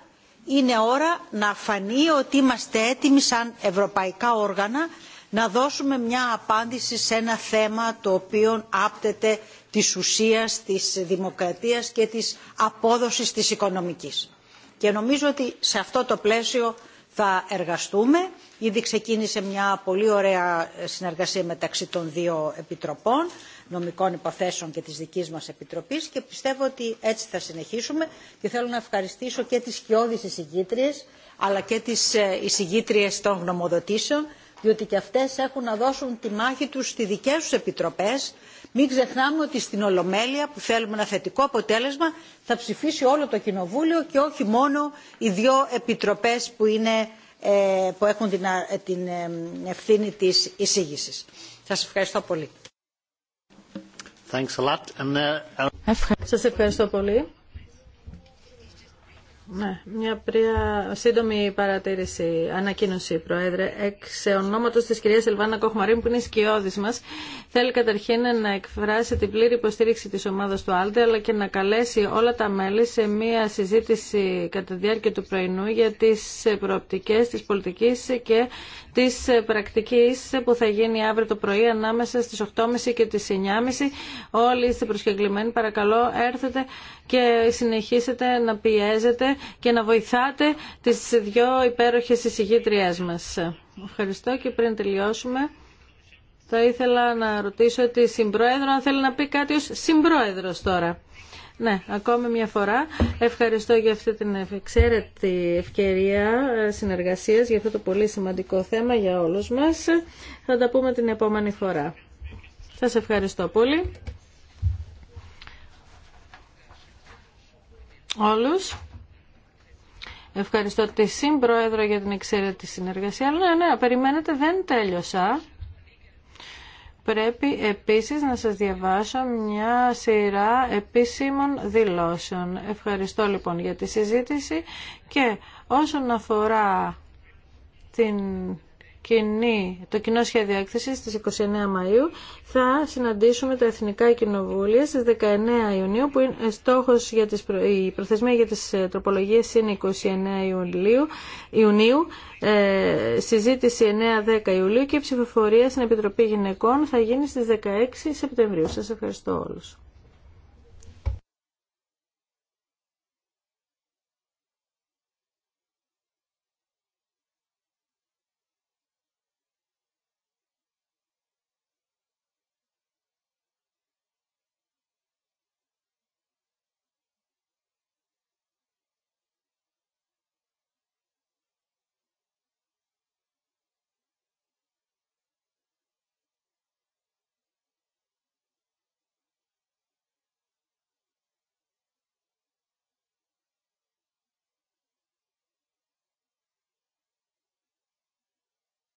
είναι ώρα να φανεί ότι είμαστε έτοιμοι σαν ευρωπαϊκά όργανα να δώσουμε μια απάντηση σε ένα θέμα το οποίο άπτεται της ουσίας, της δημοκρατίας και της απόδοσης της οικονομικής. Και νομίζω ότι σε αυτό το πλαίσιο θα εργαστούμε. Ήδη ξεκίνησε μια πολύ ωραία συνεργασία μεταξύ των δύο επιτροπών νομικών υποθέσεων και της δικής μας Επιτροπής και πιστεύω ότι έτσι θα συνεχίσουμε και θέλω να ευχαριστήσω και τις σκιώδεις εισηγήτριες αλλά και τις ε, εισηγήτριες των γνωμοδοτήσεων διότι και αυτές έχουν να δώσουν τη μάχη τους στις δικές τους επιτροπές. Μην ξεχνάμε ότι στην Ολομέλεια που θέλουμε ένα θετικό αποτέλεσμα θα ψηφίσει όλο το Κοινοβούλιο και όχι μόνο οι δύο επιτροπές που, είναι, ε, που έχουν την ε, ευθύνη της εισήγησης. Σας ευχαριστώ πολύ. Thanks uh, ευχαριστώ πολύ. Ναι, μια πρία, σύντομη παρατήρηση, ανακοίνωση, Πρόεδρε. Εξ ονόματος της κυρίας Ελβάνα Κοχμαρίν, που είναι η σκιώδης μας, Θέλει καταρχήν να εκφράσει την πλήρη υποστήριξη της ομάδας του Άλτε, αλλά και να καλέσει όλα τα μέλη σε μία συζήτηση κατά τη διάρκεια του πρωινού για τις προοπτικές της πολιτικής και της πρακτικής που θα γίνει αύριο το πρωί ανάμεσα στις 8.30 και τις 9.30. Όλοι είστε προσκεκλημένοι, παρακαλώ έρθετε και συνεχίσετε να πιέζετε και να βοηθάτε τις δυο υπέροχες εισηγήτριές μας. Ευχαριστώ και πριν τελειώσουμε... Θα ήθελα να ρωτήσω τη Συμπρόεδρο αν θέλει να πει κάτι ως Συμπρόεδρος τώρα. Ναι, ακόμη μια φορά. Ευχαριστώ για αυτή την εξαίρετη ευκαιρία ε, συνεργασίας για αυτό το πολύ σημαντικό θέμα για όλους μας. Θα τα πούμε την επόμενη φορά. Σας ευχαριστώ πολύ. Όλους. Ευχαριστώ τη Συμπρόεδρο για την εξαίρετη συνεργασία. Ναι, ναι, περιμένετε, δεν τέλειωσα πρέπει επίσης να σας διαβάσω μια σειρά επίσημων δηλώσεων. Ευχαριστώ λοιπόν για τη συζήτηση και όσον αφορά την κοινή, το κοινό σχέδιο έκθεση στις 29 Μαΐου θα συναντήσουμε τα Εθνικά Κοινοβούλια στις 19 Ιουνίου που είναι ε, στόχος για τις προ... η προθεσμία για τις ε, τροπολογίες είναι 29 Ιουλίου, Ιουνίου ε, συζήτηση 9-10 Ιουλίου και η ψηφοφορία στην Επιτροπή Γυναικών θα γίνει στις 16 Σεπτεμβρίου. Σας ευχαριστώ όλους.